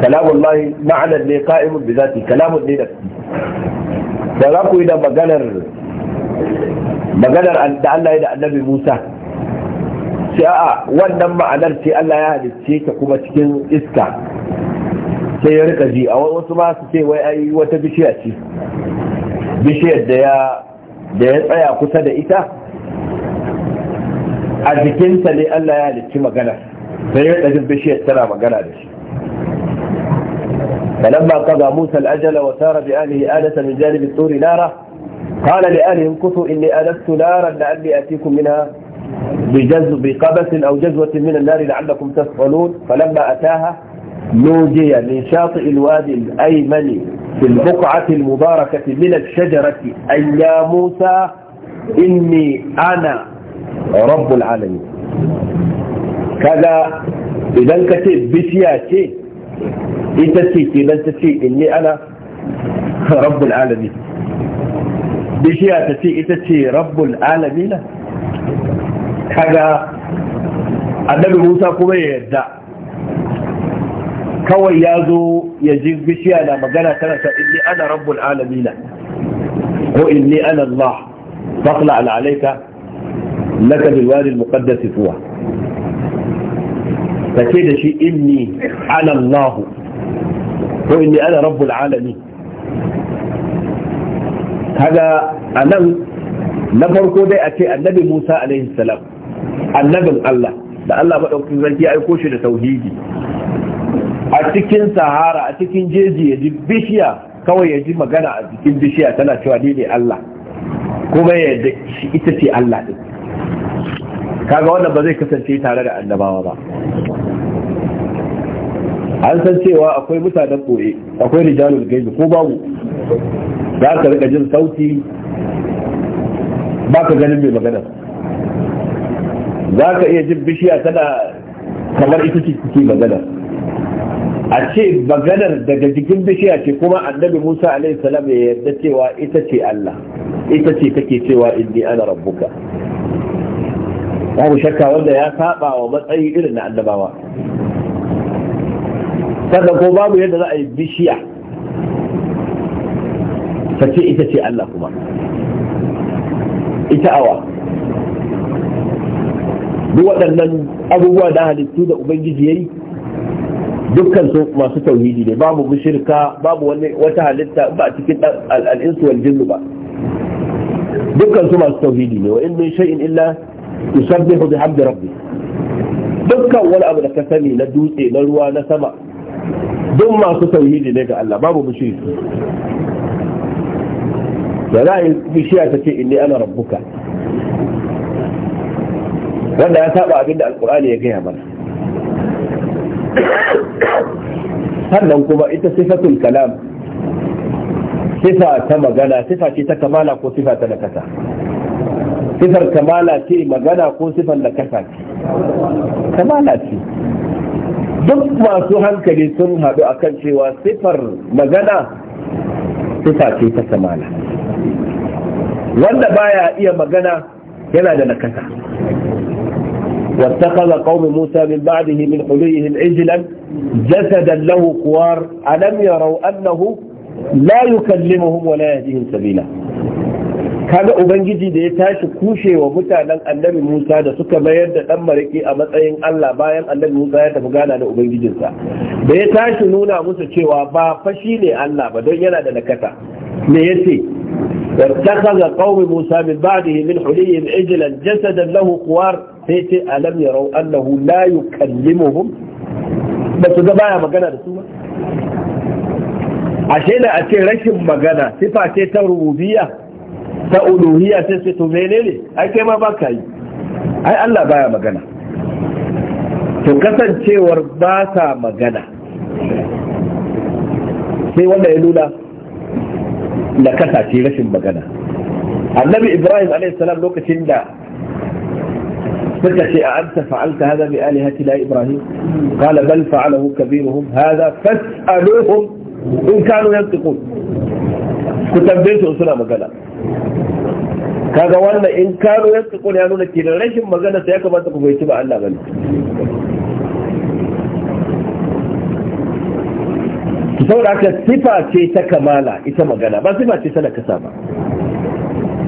kalamun lahi ma'anar ne ka'imun bi zati kalamun ne da da za ku yi da maganar maganar da Allah ya da annabi Musa sai a'a wannan ma'anar ce Allah ya halicce ta kuma cikin iska sai ya rika ji a wasu ma su ce wai ai wata bishiya ce bishiyar da ya da ya tsaya kusa da ita a jikinta ne Allah ya halicci magana sai ya ɗajin bishiyar tana magana da shi فلما قضى موسى الأجل وسار بأهله آلة من جانب الطور نارا قال لأهلهم كثوا إني آلست نارا لعلي آتيكم منها بجزء بقبس أو جزوة من النار لعلكم تسألون فلما أتاها نودي من شاطئ الوادي الأيمن في البقعة المباركة من الشجرة أن يا موسى إني أنا رب العالمين كذا إذا الكتب بسياسي سيتي إذا تسي إني أنا رب العالمين بسياسي إتسي رب العالمين كذا النبي موسى كما يدعي kawai ya zo ya ji bishiya na magana tana ta inni ana rabbul alamina ko inni ana Allah faqla ala alayka laka bil wadi al muqaddas tuwa kace da shi inni ana Allah ko inni ana rabbul alamin kaga anan na farko dai a ce annabi Musa alaihi salam annabin Allah da Allah madaukakin sarki ya aiko shi da tauhidi a cikin sahara a cikin jeji ya ji bishiya kawai ya ji magana a cikin bishiya tana cewa ni ne Allah kuma ya yadda ita ce Allah din kaga wannan ba zai kasance tare da annabawa ba an san cewa akwai mutanen koye akwai rijalul gaibi ko babu za ka rika jin sauti ba ka ganin mai magana za ka iya jin bishiya tana kamar ita ce take magana a ce maganar daga jikin bishiya ce kuma annabi musa alaihi salam ya yarda cewa ita ce allah ita ce take cewa inni ana rabbuka babu shakka wanda ya saba wa matsayi irin na annabawa sannan ko babu yadda za a yi bishiya ta ce ita ce allah kuma ita awa duk waɗannan abubuwa da halittu da ubangiji ya yi dukkan su masu tauhidi ne babu mushrika babu wani wata halitta ba cikin al'insu wal jinnu ba dukkan su masu tauhidi ne wa in min shay'in illa yusabbihu bihamdi rabbi dukkan wani abu da ka sani na dutse na ruwa na sama duk masu tauhidi ne ga Allah babu mushriki da za a yi bishiya ta ce inni ana rabbuka wanda ya saba abinda alkur'ani ya gaya mana sannan kuma ita sifatul kalam sifa ta magana sifa ce ta kamala ko sifa ta nakasa sifar kamala ce magana ko sifar nakasa ce kamala ce duk masu hankali sun haɗu kan cewa sifar magana sifa ce ta kamala wanda baya iya magana yana da nakasa واتخذ قوم موسى من بعده من حليهم عجلا جسدا له قوار ألم يروا أنه لا يكلمهم ولا يهديهم سبيلا kaga ubangiji da ya tashi kushewa mutanen annabi Musa da suka mayar da dan mariki a matsayin Allah bayan annabi Musa ya tafi gana da ubangijinsa da ya tashi nuna musu cewa ba fashi ne Allah ba don yana da nakata me yace wattakhadha qaumi Musa min ba'dihi min huliyyin ijlan jasadan lahu quwar sai ce alam rau annahu la yukallimuhum ba su ga baya magana da su ba ashe da a ce rashin magana sifa ce ta rububiyya ta uluhiyya sai ce to menene ai kai ma baka yi ai Allah baya magana to kasancewar ba sa magana sai wanda ya nuna da kasa ce rashin magana annabi ibrahim salam lokacin da أخبرتك أنت فعلت هذا بآلهة لا إبراهيم قال بل فعله كبيرهم هذا فاسألوهم إن كانوا ينطقون كتبينت أسنا مقالا كذا وانا إن كانوا ينطقون يعنون كينا ليش مقالا سيكم أنتكم في إتباع الله بل تصور عكا صفة تكمالا إتا مقالا ما صفة كي سنة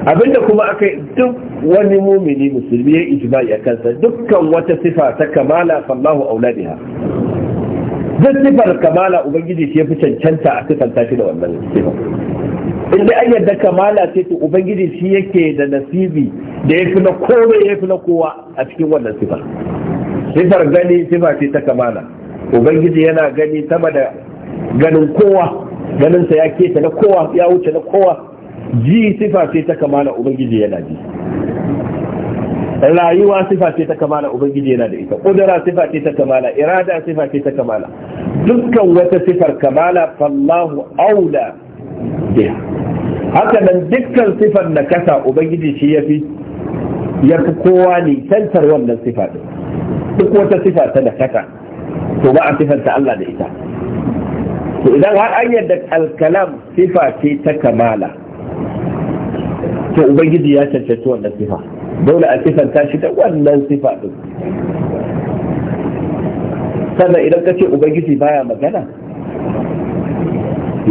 abinda kuma aka duk wani mumini musulmi ya ijma'i a kansa dukkan wata sifa ta kamala sallahu aula duk sifar kamala ubangiji shi fi cancanta a sifanta shi da wannan sifa in dai an yarda kamala ce to ubangiji shi yake da nasibi da ya fi na kome ya fi na kowa a cikin wannan sifar sifar gani sifa ce ta kamala ubangiji yana gani sama da ganin kowa ganinsa ya keta na kowa ya wuce na kowa ji sifa ce ta kamala ubangiji yana ji rayuwa sifa ce ta kamala ubangiji yana da ita kudura sifa ce ta kamala irada sifa ce ta kamala dukkan wata sifar kamala fallahu aula biha haka nan dukkan sifar na kasa ubangiji shi ya yafi yafi kowa ne tantar wannan sifa din duk wata sifa ta da kasa to ba a sifanta Allah da ita to idan har an yadda alkalam sifa ce ta kamala to ubangiji ya cancanci wannan sifa dole a ta shi ta wannan sifa din sannan idan ka ce ubangiji baya magana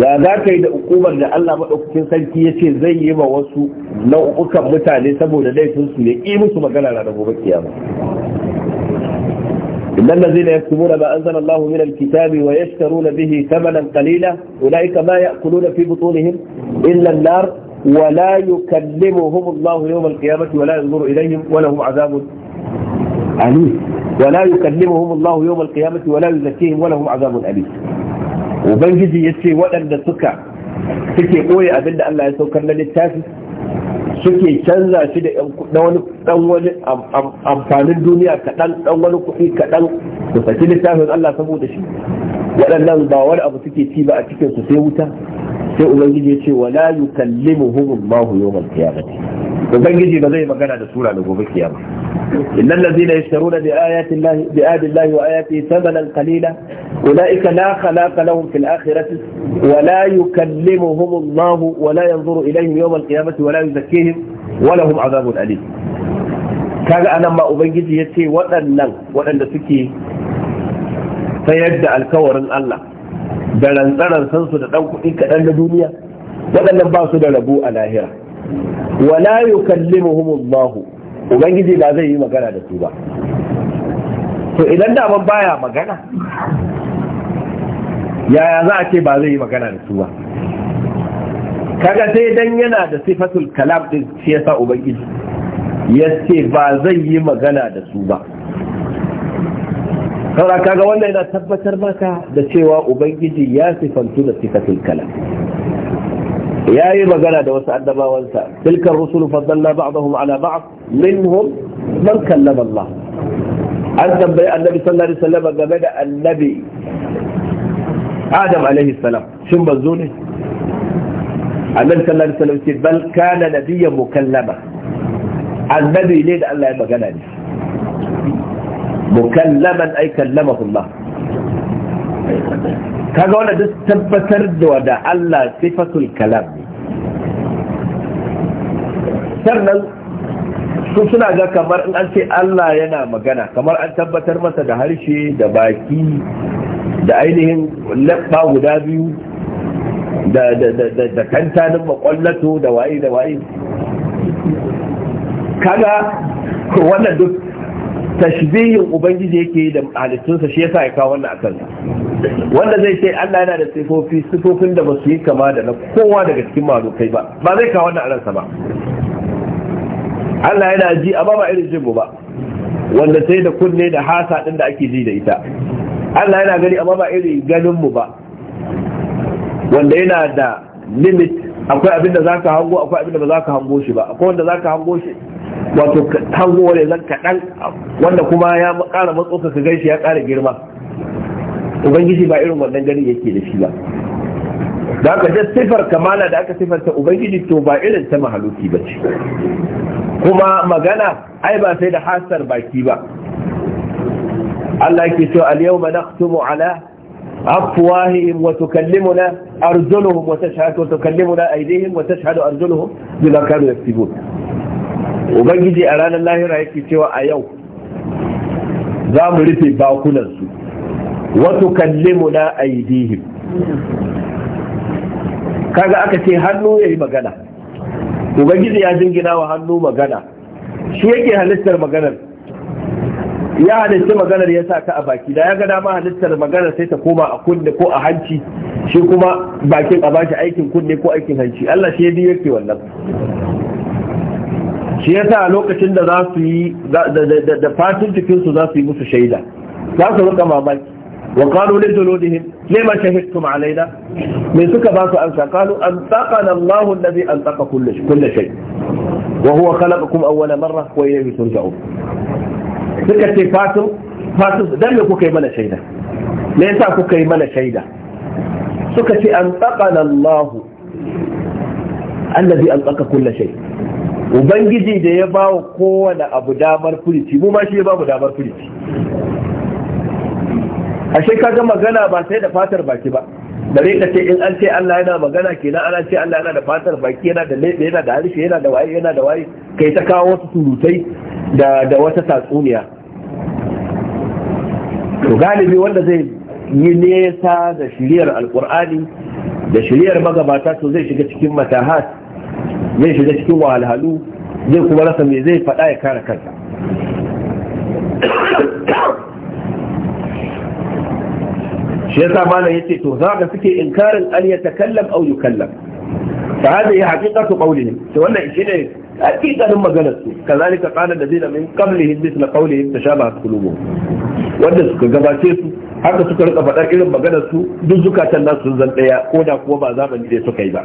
ya za ka yi da hukumar da Allah maɗaukakin sarki ya ce zai yi ma wasu nau'ukan mutane saboda laifinsu ya ƙi musu magana na gobe kiyama إن الذين يكتمون ما أنزل الله من الكتاب ويشترون به ثمنا قليلا أولئك ما يأكلون في بطونهم إلا النار ولا يكلمهم الله يوم القيامة ولا ينظر إليهم ولهم عذاب أليم ولا يكلمهم الله يوم القيامة ولا يزكيهم ولهم عذاب أليم وبنجدي يتي وأن سكا suke ɓoye abin Allah ya saukar na littafi suke canza shi da ɗan wani amfanin duniya kaɗan ɗan wani kuɗi kaɗan su saki littafin Allah saboda shi waɗannan ba wani abu suke ci ba a cikin su sai wuta sai ubangiji ya ce wala yukallimuhum Allahu yawmal qiyamati ubangiji ba zai magana da sura da gobe kiyama innal ladina yashtaruna bi ayati llahi bi ayati llahi wa ayatihi thamanan qalila ulaika la khalaqa lahum fil akhirati wa la yukallimuhum Allah wa la yanzuru ilayhim yawmal qiyamati wa la yuzakkihim wa lahum adhabun alim kaga anan ma ubangiji yace waɗannan waɗanda suke sayar da alkawarin Allah da rantsarar sansu da dan kuɗi kaɗan na duniya waɗannan ba su da rabo a lahira wala yukallimuhum Allah ubangiji ba zai yi magana da su ba to idan da man baya magana yaya za a ce ba zai yi magana da su ba kaga sai dan yana da sifatul kalam din shi yasa ubangiji ya ce ba zai yi magana da su ba saura kaga wannan yana tabbatar maka da cewa ubangiji ya sifantu da sifatul kalam yayi magana da wasu addabawansa tilka rusulu faddalna ba'dahum ala ba'd minhum man kallama Allah an tambayi annabi sallallahu alaihi wasallam game da annabi adam alaihi salam shin bazo ne annabi sallallahu alaihi wasallam bal kana nabiyyan mukallama annabi ne da Allah ya magana ne mukallaman ay kallamahu Allah kaga wannan duk tabbatar da da Allah sifatul kalam sannan su suna ga kamar in an ce Allah yana magana kamar an tabbatar masa da harshe da baki da ainihin labba guda biyu da kantanin makwallato da waye da waye kaga wannan duk tashbihin ubangiji yake da halittunsa shi yasa ya kawo wannan a wanda zai ce Allah yana da sifofi sifofin da ba su yi kama da na kowa daga cikin malukai ba ba zai kawo wannan a ba Allah yana ji amma ba irin jin ba wanda sai da kunne da hasa din da ake ji da ita Allah yana gani amma ba irin ganin mu ba wanda yana da limit akwai abin da za ka hango akwai abin da ba za ka hango shi ba akwai wanda za ka hango shi wato hango wanda zan kaɗan wanda kuma ya ƙara matsoka ka gan shi ya ƙara girma ubangiji ba irin wannan gani yake da shi ba da aka da sifar kamala da aka sifarta ubangiji to ba irin ta mahaluki ba ce kuma magana ai ba sai da hasar baki ba Allah ke to al yawma nakhtumu ala أفواههم وتكلمنا أرجلهم وتشهد وتكلمنا أيديهم وتشهد أرجلهم بما كانوا يكتبون وبنجي أران الله رأيك سوى أيو زام رفي باقنا وتكلمنا أيديهم kaga aka ce hannu ya yi magana ubangiji ya jingina wa hannu magana shi yake halittar maganar ya halitta maganar ya sa ta a baki da ya ga dama halittar maganar sai ta koma a kunne ko a hanci shi kuma bakin a bashi aikin kunne ko aikin hanci Allah shi biyu ke wannan shi ya sa lokacin da za su yi da fatin jikinsu za su yi musu shaida za su rika mamaki وقالوا لجلودهم لما شهدتم علينا من سكة an أنسى قالوا أنطقنا الله الذي أنطق كل شيء وهو خلقكم أول مرة وإليه ترجعون suka ce fatun fatun su dame kuka yi mana shaida me yasa kuka yi mana shaida suka ce an tsakana Allah allazi an tsaka kulla shay ubangiji da ya bawa kowane abu damar furici mu ma shi ya mu damar furici ashe ga magana ba sai da fatar baki ba bare ka ce in an ce Allah yana magana kenan ana ce Allah yana da fatar baki yana da lebe yana da harshe yana da waye yana da waye kai ta kawo wasu surutai da wata tatsuniya to galibi wanda zai yi nesa da shiriyar alkur'ani da shiriyar magabata to zai shiga cikin matahat zai shiga cikin wahalhalu zai kuma rasa me zai faɗa ya kare kansa shi yasa ya ce to za zaka suke inkarin an ya takallam aw yukallam fa hada ya haqiqatu qawlihim to wannan ne. hakikanin maganar su kazalika da zina min qablihim mithla qawlihim tashabahat qulubuhum wanda suka gabace su haka suka rika faɗar irin maganar su duk zukatan nasu sun zan ɗaya ko da kuwa ba zamani da suka yi ba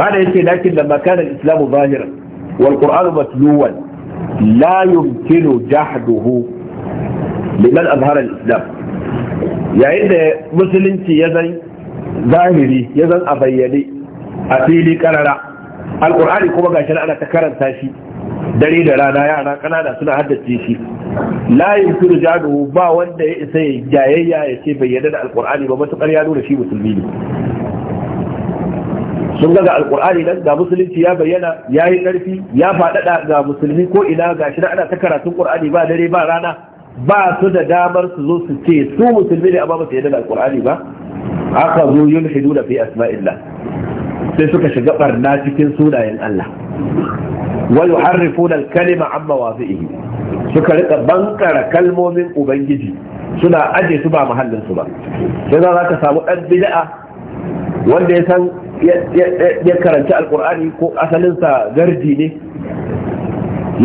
mana yace lakin lamma makanar al-islam zahiran wal qur'an matluwan la yumkinu jahduhu liman azhara al-islam yayin da musulunci ya zan zahiri ya zan a bayyane a fili karara alkur'ani kuma gashi ana ta karanta shi dare da rana yara kanana suna haddace shi Layin yumkinu jadu ba wanda ya isa ya ya ce bayyana da alkur'ani ba matuƙar ya nuna shi musulmi ne sun ga alkur'ani nan ga musulunci ya bayyana ya yi ƙarfi ya faɗaɗa ga musulmi ko ina ga shi ana ta karatun ƙur'ani ba dare ba rana ba su da damar su zo su ce su musulmi ne amma ba su yarda da alkur'ani ba aka zo hidu da fi asma'illah sai suka shiga barna cikin sunayen Allah wa yuharrifuna al-kalima an mawazihi suka rika bankara kalmomin ubangiji suna aje su ba muhallin su ba sai za ka samu dan bid'a wanda ya san ya karanci alkur'ani ko asalinsa garji ne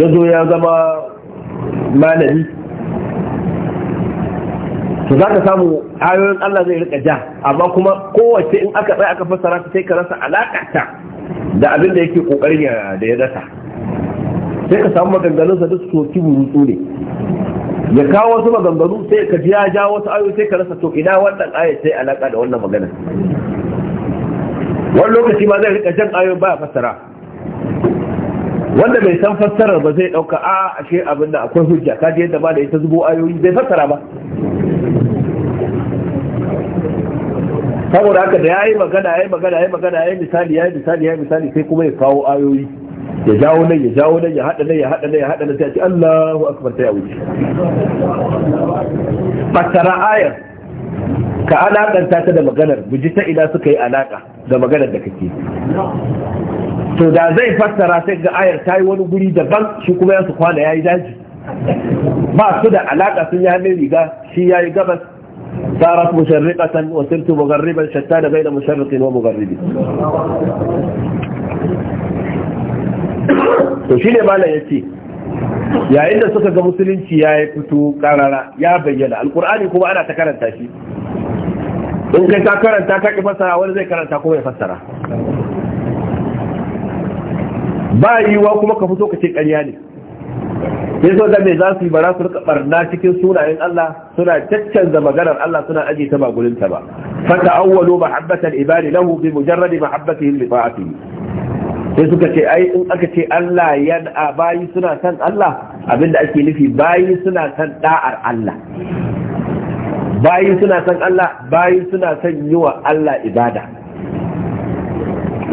ya zo ya zama malami to za ka samu ayoyin Allah zai rika ja amma kuma kowace in aka tsaya aka fassara ta sai ka rasa ta da abin da yake kokarin da ya dasa sai ka samu maganganun sa duk soki burutsu ne ya kawo wasu maganganu sai ka ji ya ja wasu ayoyi sai ka rasa to ina wannan ayoyi sai alaka da wannan magana wani lokaci ma zai rika jan ayoyin baya fassara wanda bai san fassarar ba zai dauka a ah, ashe abin da akwai hujja ka ji yadda ba da ita zubo ayoyi bai fassara ba saboda haka da yayi magana yayi magana yayi magana yayi misali yayi misali yayi misali sai kuma ya kawo ayoyi ya jawo nan ya jawo nan ya hada nan ya hada nan ya hada nan sai Allahu akbar ta ya wuce fassara ayar ka alakanta ta da maganar buji ta ina suka yi alaka da maganar da kake to da zai fassara sai ga ayar ta yi wani guri daban shi kuma ya su kwana ya yi daji ba su da alaka sun yi hannun riga shi ya yi gabas صارت مشرقة وصرت مغربا شتان بين مشرق ومغرب to shi ne malam ya ce yayin da suka ga musulunci ya yi fito karara ya bayyana alkur'ani kuma ana ta karanta shi in kai ka karanta ka ki fassara wani zai karanta kuma ya fassara ba yiwuwa kuma ka fito ka ce ƙarya ne sai so da me za su yi bara su rika barna cikin sunayen Allah suna caccanza maganar Allah suna aje ta ba gurin ta ba fata awwalu mahabbatan ibadi lahu bi mujarradi mahabbatihi li ta'atihi sai suka ce ai in aka ce Allah yana bayi suna san Allah abinda ake nufi bayi suna san da'ar Allah bayi suna san Allah bayi suna san yi wa Allah ibada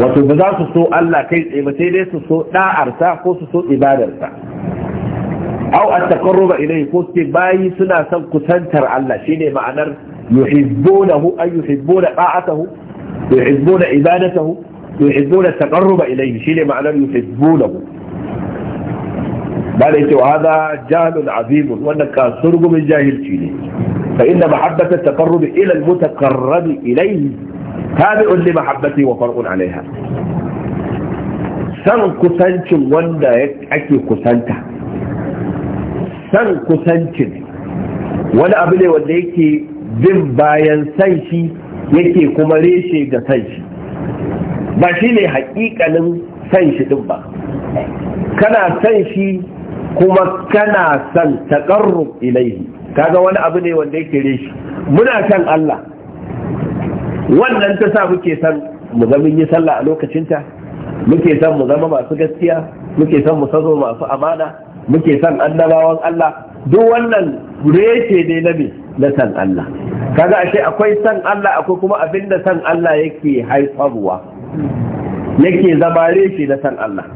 wato ba za su so Allah kai tsaye ba sai dai su so da'arsa ko su so ibadarsa أو التقرب إليه قلت باي سنة سنكتنتر الله شيني معنى يحبونه أي يحبون قاعته يحبون إبادته يحبون التقرب إليه شيني معنى يحبونه بلت هذا جهل عظيم وأنك سرق من جاهل شيني فإن محبة التقرب إلى المتقرب إليه تابع لمحبته وفرق عليها سنكتنت وانك أكي كتنتها san kusancin wani abu ne wanda yake bin bayan san shi yake kuma reshe ga san shi ba shi ne haƙiƙanin san shi ɗin ba kana san shi kuma kana san taƙarru ilaihi kaga wani abu ne wanda yake reshe muna san Allah wannan ta sa muke san mu zama yi sallah a lokacinta muke san mu zama masu gaskiya muke san mu sazo masu amana muke san annabawan Allah duk wannan rece ne na me na san Allah kaga ashe akwai san Allah akwai kuma abinda san Allah yake haifarwa yake zama rece na san Allah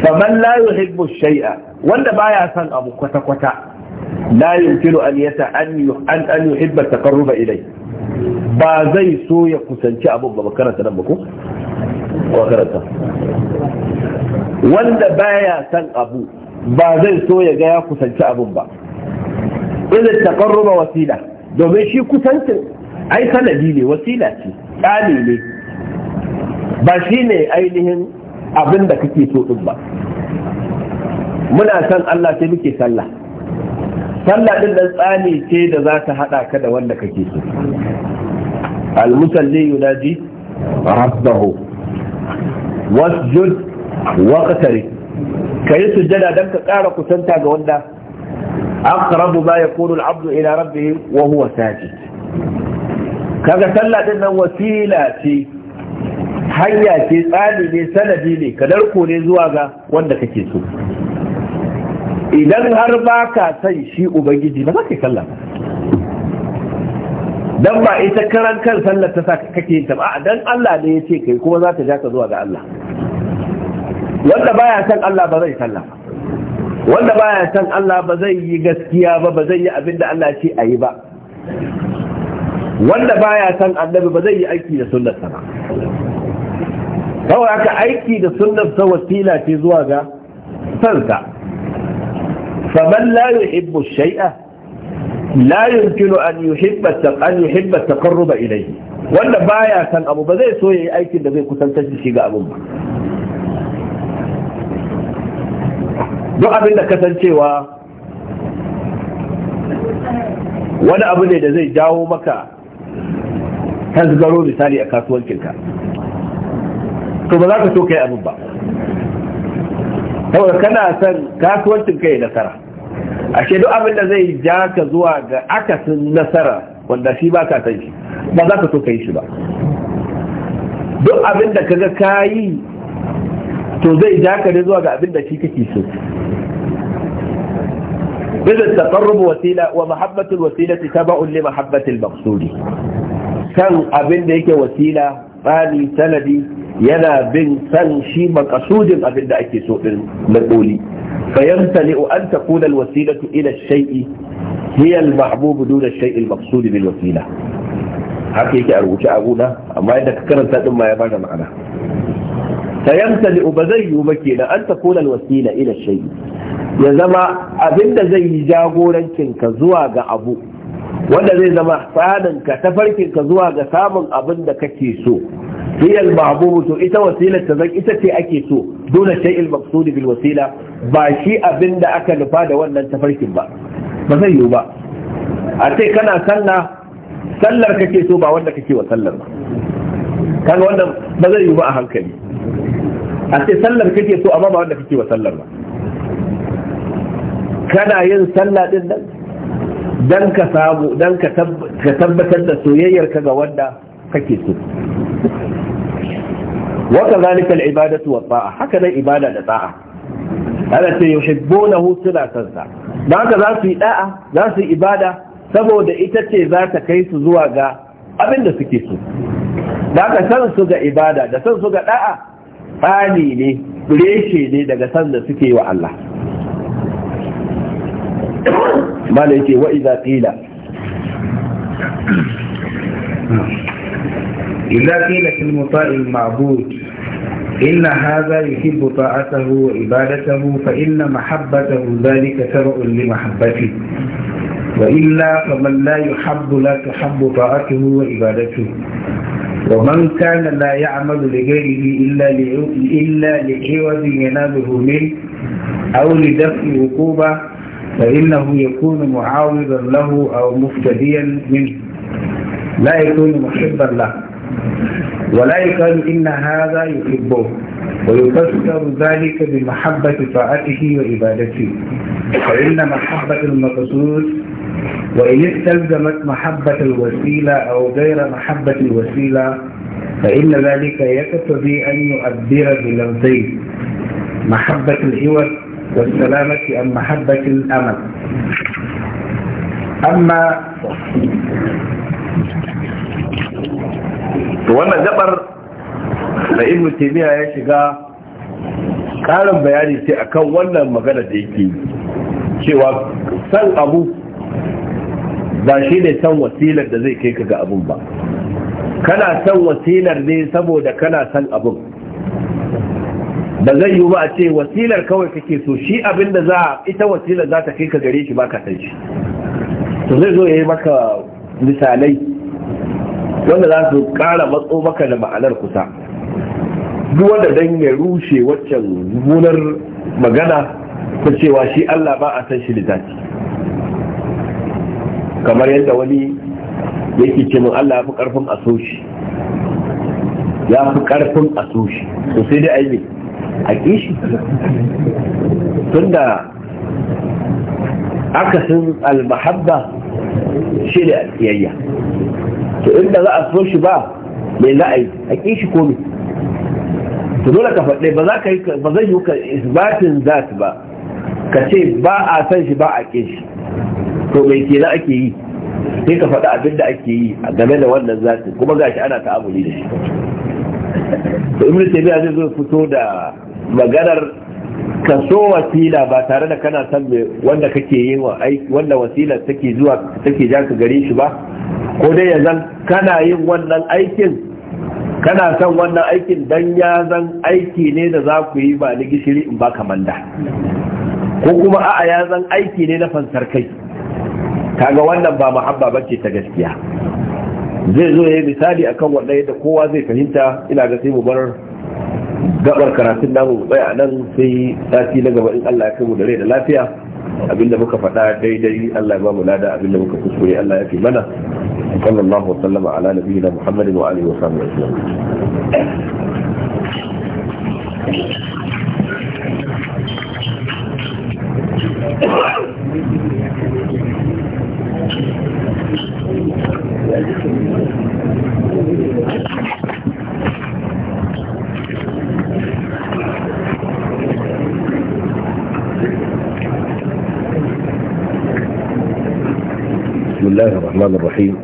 faman la yuhibbu shay'a wanda baya san abu kwata kwata la yumkinu an yata an an an yuhibba taqarruba ilay ba zai so ya kusanci abu ba karanta nan ba ko karanta wanda baya san abu ba zai so ya ga ya kusanci abin ba idan taqarruba wasila domin shi kusancin ai sanadi ne wasila ce tsani ne ba shi ne ainihin abin da kake so din ba muna san Allah sai muke sallah sallah din nan tsani ce da za ta hada ka da wanda kake so المصلي ينادي ربه واسجد واقترب ka yi sujjada don ka ƙara kusanta ga wanda rabu ma ya kuru abdu ila rabbi wa huwa sajid kaga sallah din nan wasila ce hanya ce tsani ne sanadi ne ka darko ne zuwa ga wanda kake so idan har ba ka san shi ubangiji ba za ka yi sallah Don ba ita karan kan sallar ta sa kake yin ta ba don Allah ne ya ce kai kuma za ta ja ka zuwa ga Allah wanda baya san Allah ba zai sallah wanda baya san Allah ba zai yi gaskiya ba ba zai yi abin da Allah ce a yi ba wanda baya san annabi ba zai yi aiki da sunnarsa ba kawai haka aiki da sunnarsa wasila ce zuwa ga sansa faman la yuhibbu shay'a la yumkinu an yuhibba an yuhibba taqarruba ilayhi wanda baya san abu ba zai so yayi aikin da zai kusantar shi ga abun ba duk abin da kasancewa wani abu ne da zai jawo maka tasgaro misali a kasuwancinka to ba za ka so kai abin ba saboda kana son kasuwancinka ya nasara ashe duk abin da zai ja ka zuwa ga akasin nasara wanda shi ba ka san shi ba za ka so kai yi shi ba duk abin da ka ka yi to zai ja ka ne zuwa ga abin da shi kake so إذا التقرب وسيلة ومحبة الوسيلة تبع لمحبة المقصود كان أبن ديك وسيلة ثاني سندي ينا بن سن شي مقصود أبن ديك سوء نقولي فيمتلئ أن تكون الوسيلة إلى الشيء هي المحبوب دون الشيء المقصود بالوسيلة حقيقة yake a أما إذا gona amma ما ka معنا فيمتلئ ma مكينة أن تكون الوسيلة إلى الشيء ya zama abinda zai yi jagorancinka zuwa ga abu wanda zai zama ta farkinka zuwa ga samun abin da kake so هي المعبوب to ita wasilar ta zan ita ce ake so dole sai il maqsud bil wasila ba shi abinda aka nufa da wannan tafarkin ba ba zai yiwu ba a ce kana sallah sallar kake so ba wanda kake wa sallar ba kaga wannan ba zai yiwu ba a hankali a ce sallar kake so amma ba wanda kake wa sallar ba kana yin sallah din nan dan ka samu dan ka tabbatar da soyayyar ka ga wanda kake so wa kadhalika al-ibadatu wa ta'a haka nan ibada da ta'a ana ce yuhibbunahu suna san sa dan haka za su yi da'a za su yi ibada saboda ita ce za ta kai su zuwa ga abin da suke so da ka san su ga ibada da san su ga da'a tsani ne reshe ne daga san da suke wa Allah mala yake wa idza qila idza qila fil muta'i ma'bud إن هذا يحب طاعته وعبادته فإن محبته ذلك ترع لمحبته وإلا فمن لا يحب لا تحب طاعته وعبادته ومن كان لا يعمل لغيره إلا إلا لعوض يناله منه أو لدفع عقوبة فإنه يكون معاوضا له أو مفتديا منه لا يكون محبا له ولا يقال إن هذا يحبه ويفسر ذلك بمحبة طاعته وعبادته فإن محبة المقصود وإن استلزمت محبة الوسيلة أو غير محبة الوسيلة فإن ذلك يقتضي أن يؤدر بلفظين محبة العوض والسلامة عن محبة الأمل أما wannan جبر da ibn taymiya ya shiga karin bayani ce akan wannan maganar da yake cewa san abu ba shi ne san wasilar da zai kai ka ga abun ba kana san wasilar ne saboda kana san abun ba zai yi ba a ce wasilar kawai kake so shi abinda za ita wasilar za ta kai ka gare shi baka san shi to zai zo yayi maka misalai wanda za su kara matso maka da ma'anar kusa duk wanda dan ya rushe waccan gunar magana ta cewa shi Allah ba a san shi da zaki kamar yadda wani yake ce min Allah ya fi karfin a so shi ya fi karfin a so shi to sai dai ai a kishi tunda akasin almahabba shi ne alkiyayya to inda za a so shi ba mai za a yi a kishi komi to dole ka faɗe ba za ka yi ba zai yi ka isbatin zat ba ka ce ba a san shi ba a kishi to mai ke ake yi sai ka faɗi abin da ake yi a game da wannan zatin kuma shi ana ta'amuli da shi to ibn taymiya zai zo fito da maganar ka so wasila ba tare da kana san wanda kake yi wa wanda wasila take zuwa take ja ka gare shi ba ko dai ya zan kana yin wannan aikin kana son wannan aikin dan ya zan aiki ne da za ku yi ba ni gishiri in baka manda ko kuma a'a ya zan aiki ne na fansar kai kaga wannan ba mahabba bace ta gaskiya zai zo yayi misali akan wanda yadda kowa zai fahimta ina ga sai mu bar gabar karatun namu bai a nan sai sati na gaba in Allah ya kai mu da rai da lafiya abinda muka faɗa daidai Allah ya ba mu lada abinda muka kuskure Allah ya fi mana sallallahu alaihi wa sallama ala nabiyina Muhammadin wa alihi wa sahbihi ajma'in Thank you. الله الرحمن الرحيم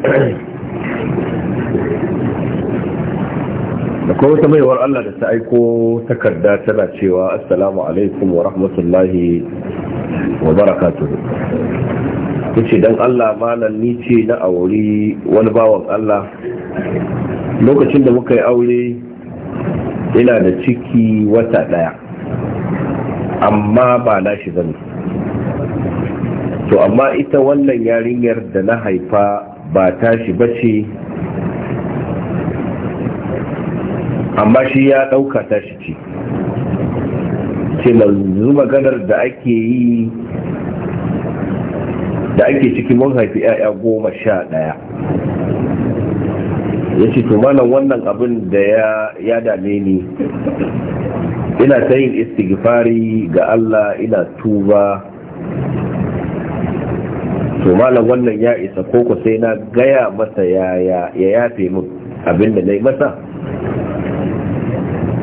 da kuma wata maiwar Allah da ta aiko takarda tana cewa assalamu alaikum wa rahmatullahi wa barakatuhu ce don Allah malam ni ce na auri wani bawan Allah lokacin da muka yi aure ina da ciki wata daya amma ba na shi zane to amma ita wannan yarinyar da na haifa ba tashi ce. amma shi ya ɗauka tashi ce ce yanzu maganar da ake yi da ake ciki mun haifi 'ya'ya goma sha ɗaya ya ce malam wannan abin da ya dame ni ina ta yin istighfari ga allah ina tuba to malam wannan ya isa ko ku sai na gaya masa ya yafe min abinda na yi masa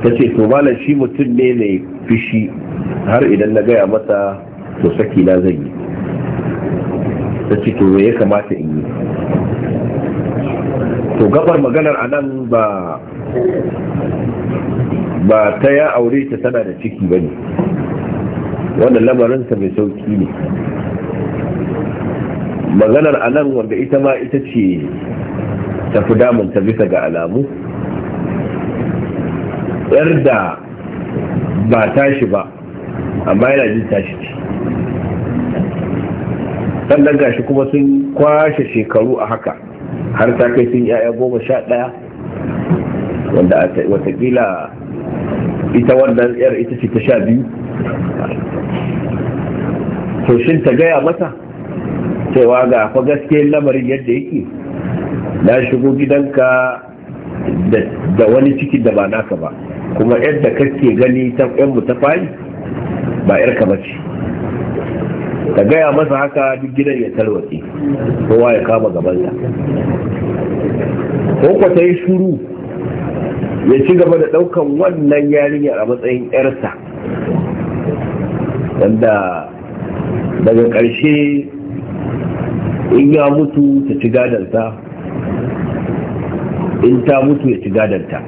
ta ce to malam shi mutum ne mai fishi har idan na gaya masa to saki na zai yi ta ce to ya kamata in yi to gabar maganar a nan ba ba ta ya aure ta tana da ciki ba ne wannan lamarinsa mai sauki ne maganar anan wanda ita ma ita ce tafi ta bisa ga alamu yar da ba tashi ba amma yana jin tashi ce sannan gashi kuma sun kwashe shekaru a haka har ta kai sun yaya goma sha ɗaya wanda watakila ita wannan yar ita ce ta sha biyu to shin ta gaya mata cewa ga kwa gaske lamarin yadda yake na shigo gidanka da wani ciki da ba naka ba kuma yadda kake gani ta yanmu ta fayi ba yarka ba ce Ta gaya masa haka duk gidan ya tarwatsi kowa ya kama ta ko ta yi shuru ya ci gaba da daukan wannan yarinyar a matsayin yarsa wanda daga ƙarshe in ya mutu ta ci gadanta in ta mutu ya ci gadanta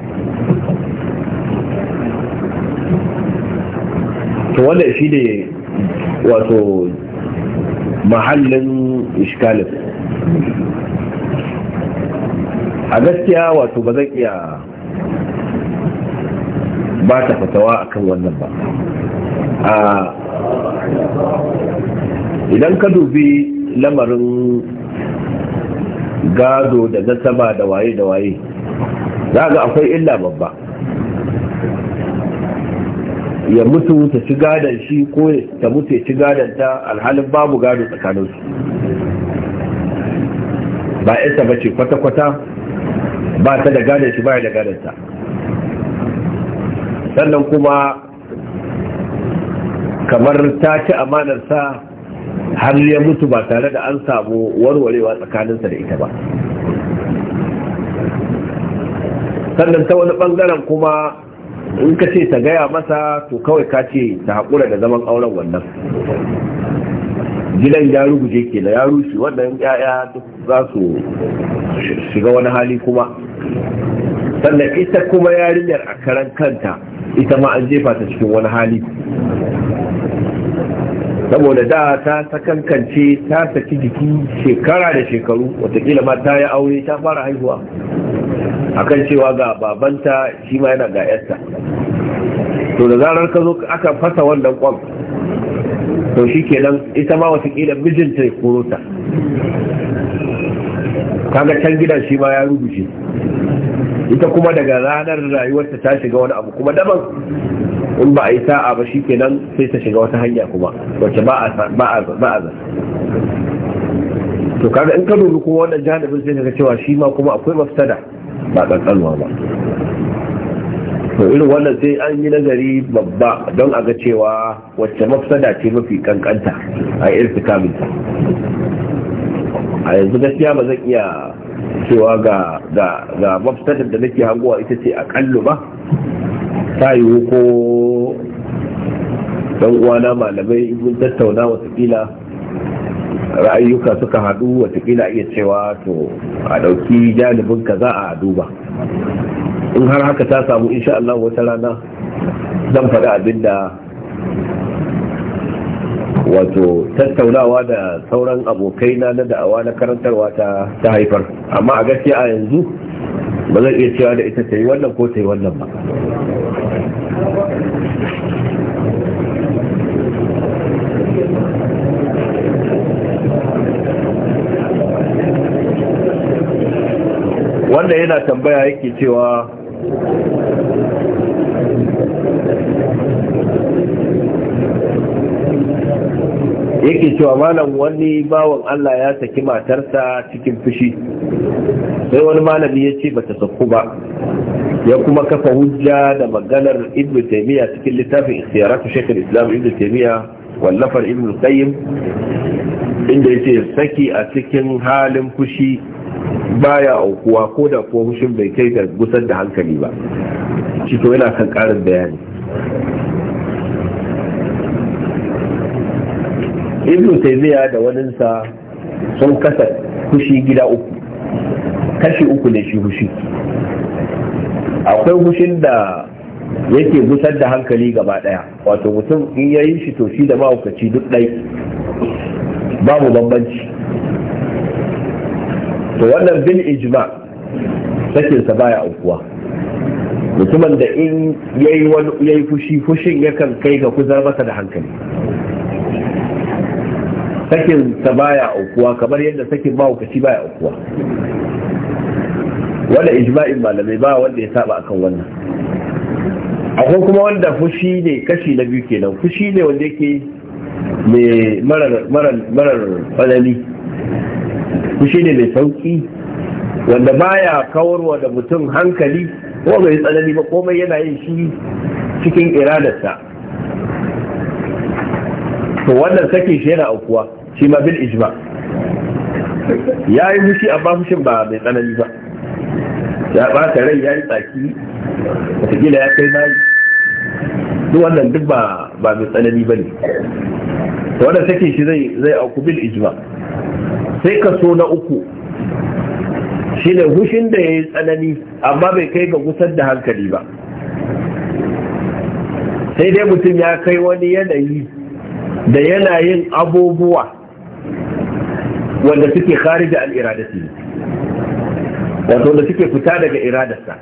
to wanda shi ne wato mahallin iskalif a gaskiya wato ba zan iya ba ta fatawa akan wannan ba idan ka dubi lamarin gado da nasaba da waye da waye za ga akwai illa babba ya mutu ta ci gadon shi ko ta mutu ya ci gadon ta alhalin babu gado tsakaninsu ba yasa ba ce kwata-kwata ba ta da gadon shi ba da gadon ta sannan kuma kamar ta ci amanar sa har ya mutu ba tare da an samu warwarewa tsakaninsa da ita ba sannan ta wani bangaren kuma in ka ce ta gaya masa to kawai ka ce ta haƙura da zaman auren wannan gidan ya ruguje ke da ya rushe wannan ya'ya duk za su shiga wani hali kuma sannan ita kuma yarinyar a karan kanta ita ma an jefa ta cikin wani hali saboda da ta sakankance ta saki jiki shekara da shekaru watakila ma ta yi aure ta fara haihuwa akan cewa ga babanta shi ma yana ga yarta to da zarar ka zo aka fasa wannan kwan to shi ke kenan ita ma watakila mijinta ya koro ta kaga can gidan shi ma ya rubuce ita kuma daga ranar rayuwarta ta shiga wani abu kuma daban in ba a yi sa'a ba shi kenan sai ta shiga wata hanya kuma wacce ba a zan to kaga in ka dubi kuma wannan janibin sai ka cewa shi ma kuma akwai mafsada ba kankanwa ba to irin wannan sai an yi nazari babba don a ga cewa wacce mafsada ce mafi kankanta a irtikamin a yanzu gaskiya ba zan iya cewa ga ga mafsadar da nake hangowa ita ce akallu ba ta yiwu ko dan uwana malamai mun tattauna watakila ra'ayyuka suka haɗu watakila iya cewa to a ɗauki janibin ka za a duba in har haka ta samu insha Allah wata rana zan faɗi abinda. wato tattaunawa da sauran abokai na na da'awa na karantarwa ta haifar amma a gaskiya a yanzu ba zan iya cewa da ita ta yi wannan ko ta yi wannan ba wanda yana tambaya yake cewa yake cewa malam wani bawan Allah ya saki matarsa cikin fushi sai wani malami ya ce bata sauku ba ya kuma kafa hujja da maganar ibn taymiya cikin littafin ikhtiyaratu shaykh islam ibn taymiya wallafar ibn qayyim inda yace saki a cikin halin fushi baya aukuwa ko da kuwa fushin bai kai ga gusar da hankali ba shi to yana kan karin bayani ibnu taymiya da waninsa sun kasa fushi gida uku kashi uku ne shi fushi akwai fushin da yake gusar da hankali gaba daya wato mutum in yayi shi to shi da mahaukaci duk ɗai babu bambanci to wannan bil ijma sakinsa baya aukuwa mutumin da in yayi wani yayi fushi fushin yakan kai ga kuzar masa da hankali sakin sa baya aukuwa kamar yadda sakin mahaukaci baya aukuwa wanda ijma'in malamai ba wanda ya saba akan wannan akwai kuma wanda fushi ne kashi na biyu kenan fushi ne wanda yake mai marar falali fushi ne mai sauki wanda baya kawarwa da mutum hankali ko mai tsanani ba komai yana yin shi cikin iradarsa to wannan sakin shi yana aukuwa shi ma bil ijma ya yi mushi a bafushin ba mai tsanani ba ya ɓata rai ya yi tsaki watakila ya kai nayi duk wannan duk ba ba mai tsanani ba ne wannan sakin shi zai zai auku bil ijma sai kaso na uku shi ne hushin da ya yi tsanani amma bai kai ga gusar da hankali ba sai dai mutum ya kai wani yanayi da yana yin abubuwa wanda suke kharija al-iradati wato da suke fita daga iradarsa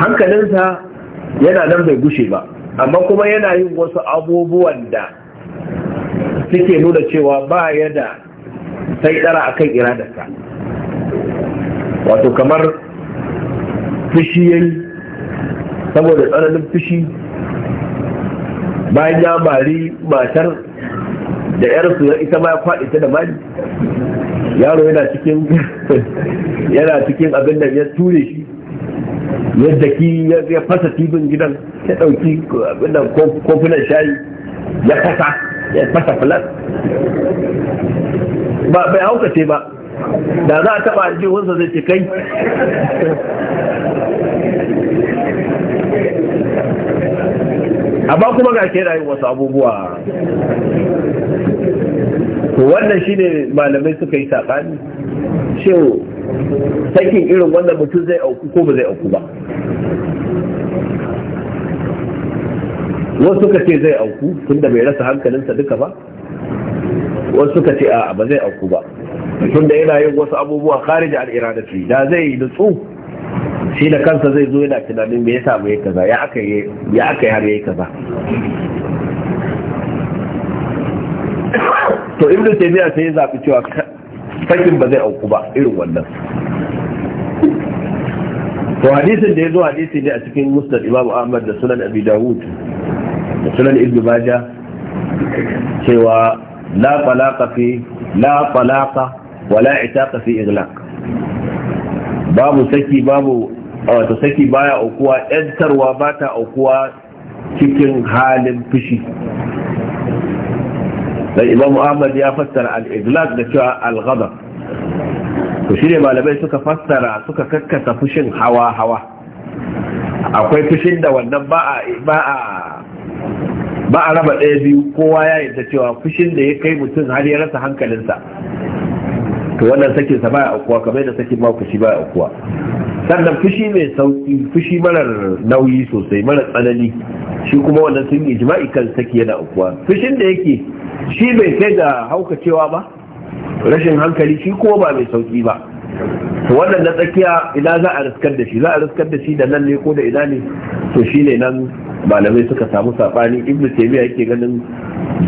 hankalinsa yana nan bai gushe ba amma kuma yana yin wasu abubuwan da suke nuna cewa ba ya da sai dara akan iradarsa wato kamar fushi yayi saboda tsananin fushi bayan ya mari matar da yar su ita ma ya kwaɗe ta da mali yaro yana cikin yana cikin abin da ya ture shi yadda ki ya fasa tibin gidan ya ɗauki abin da kofunan shayi ya fasa ya fasa filan ba bai haukace ba da za a taɓa aljihunsa zai ce kai amma kuma ga ke rayuwa wasu abubuwa to wannan shine malamai suka yi saɓani cewa sakin irin wannan mutum zai auku ko ba zai auku ba wasu suka ce zai auku tunda bai rasa hankalinsa duka ba wasu suka ce a ba zai auku ba tunda yana yin wasu abubuwa kharij al iradati da zai yi nutsu shi da kansa zai zo yana tunanin me yasa mu yi kaza ya aka yi ya aka yi har yayi kaza to ibnu taymiya sai ya zabi cewa sakin ba zai auku ba irin wannan to hadisin da ya zo hadisi ne a cikin musnad imamu ahmad da sunan abi dawud da sunan ibnu majah cewa la talaqa fi la talaqa wala itaqa fi iglaq babu saki babu wato saki baya aukuwa yantarwa ba ta aukuwa cikin halin fushi dan imamu ahmad ya fassara al-iglaq da cewa al-ghadab to shine malamai suka fassara suka kakkasa fushin hawa hawa akwai fushin da wannan ba a ba a ba a raba ɗaya biyu kowa ya yarda cewa fushin da ya kai mutum har ya rasa hankalinsa to wannan sakin sa baya aukuwa kamar yadda sakin ma fushi baya aukuwa sannan fushi mai sauki fushi marar nauyi sosai marar tsanani shi kuma wannan sun yi jima'i kan saki yana aukuwa fushin da yake shi bai kai ga cewa ba rashin hankali shi ko ba mai sauki ba to wannan na tsakiya ina za a riskar da shi za a riskar da shi da nan ne ko da ina ne to shi ne nan malamai suka samu sabani ibnu taymiya yake ganin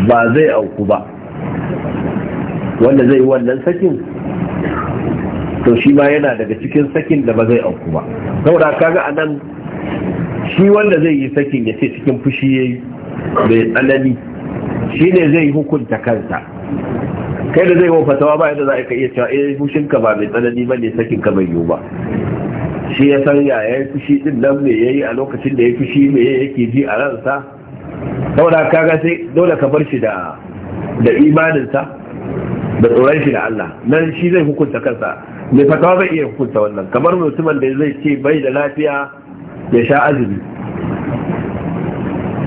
ba zai auku ba wanda zai wannan sakin to shi ma yana daga cikin sakin da ba zai auku ba saboda kaga nan shi wanda zai yi sakin ya ce cikin fushi yayi bai tsanani shi ne zai hukunta kansa kai da zai fatawa ba yadda za a iya cewa eh fushinka ba mai tsanani ba ne ka bai yiwu ba shi ya san ya yi fushi din nan me yayi a lokacin da ya fushi me yake ji a ransa saboda ga sai dole ka bar shi da imaninsa da tsoron shi da Allah nan shi zai hukunta kansa mai fatawa zai iya hukunta wannan kamar mutumin da zai ce bai da lafiya ya sha azumi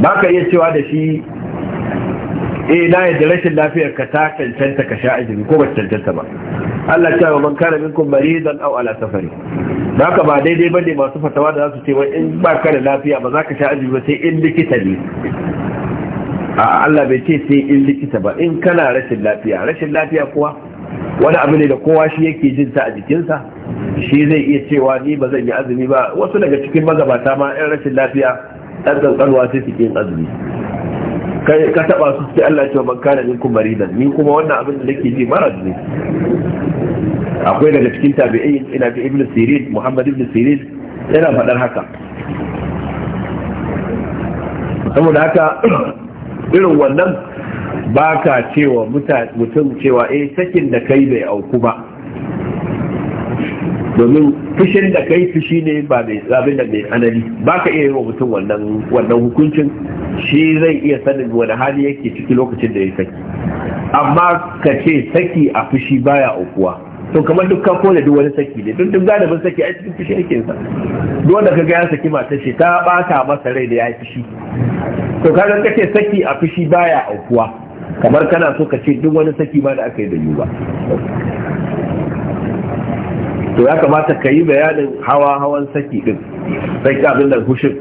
ba ka iya cewa da shi eh na yadda rashin lafiyar ka ta cancanta ka sha azumi ko ba cancanta ba Allah ta man kana minkum maridan aw ala safari haka ba daidai bane masu fatawa da zasu ce wai in ba ka da lafiya ba za ka sha azumi ba sai in likita ne a Allah bai ce sai in likita ba in kana rashin lafiya rashin lafiya kuwa wani abu ne da kowa shi yake jin ta a jikinsa shi zai iya cewa ni ba zan yi azumi ba wasu daga cikin magabata ma 'yan rashin lafiya ɗan ƙanƙanwa sai yin azumi kai ka taba su sai Allah ya ce man kana minkum maridan ni kuma wannan abin da nake ji marar ne akwai daga cikin tabi'in ina ga ibnu sirin muhammad ibnu sirin yana faɗar haka saboda haka irin wannan ba ka cewa mutum cewa eh sakin da kai bai auku ba domin fushin da kai fushi ne ba mai abin da mai anani. ba ka iya yi wa mutum wannan wannan hukuncin shi zai iya sanin wani hali yake ciki lokacin da ya saki amma ka ce saki a fushi baya ukuwa to kamar dukkan ko da duk wani saki ne duk galibin saki a cikin fushi yake sa duk wanda kaga ya saki mata shi ta bata masa rai da ya fushi to kaga kace saki a fushi baya aukuwa kamar kana so ka ce duk wani saki ba da aka yi da yiwu ba to ya kamata ka yi bayanin hawa hawan saki din sai ka abin nan hushin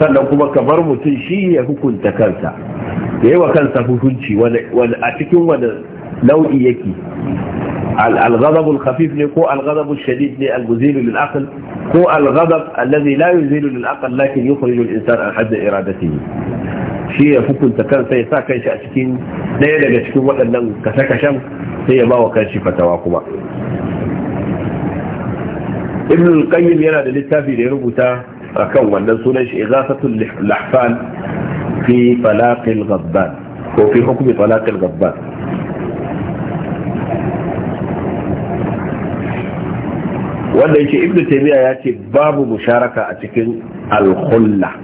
sannan kuma ka bar mutum shi ya hukunta kansa ya yi wa kansa hukunci wani a cikin wani nau'i yake الغضب الخفيف ne ko الغضب الشديد ne المزيل للعقل ko الغضب الذي لا يزيل للعقل لكن يخرج الانسان عن حد ارادته shi ya hukunta kansa ya sa kanshi a cikin daya daga cikin waɗannan kashe-kashen sai ya ba wa kanshi fatawa kuma ibn al-qayyim yana da littafi da ya rubuta akan wannan sunan shi igasatul lahfan fi talaqil ghabban ko fi hukmi talaqil ghabban wanda yake ibnu taymiya ya ce babu musharaka a cikin al-khulla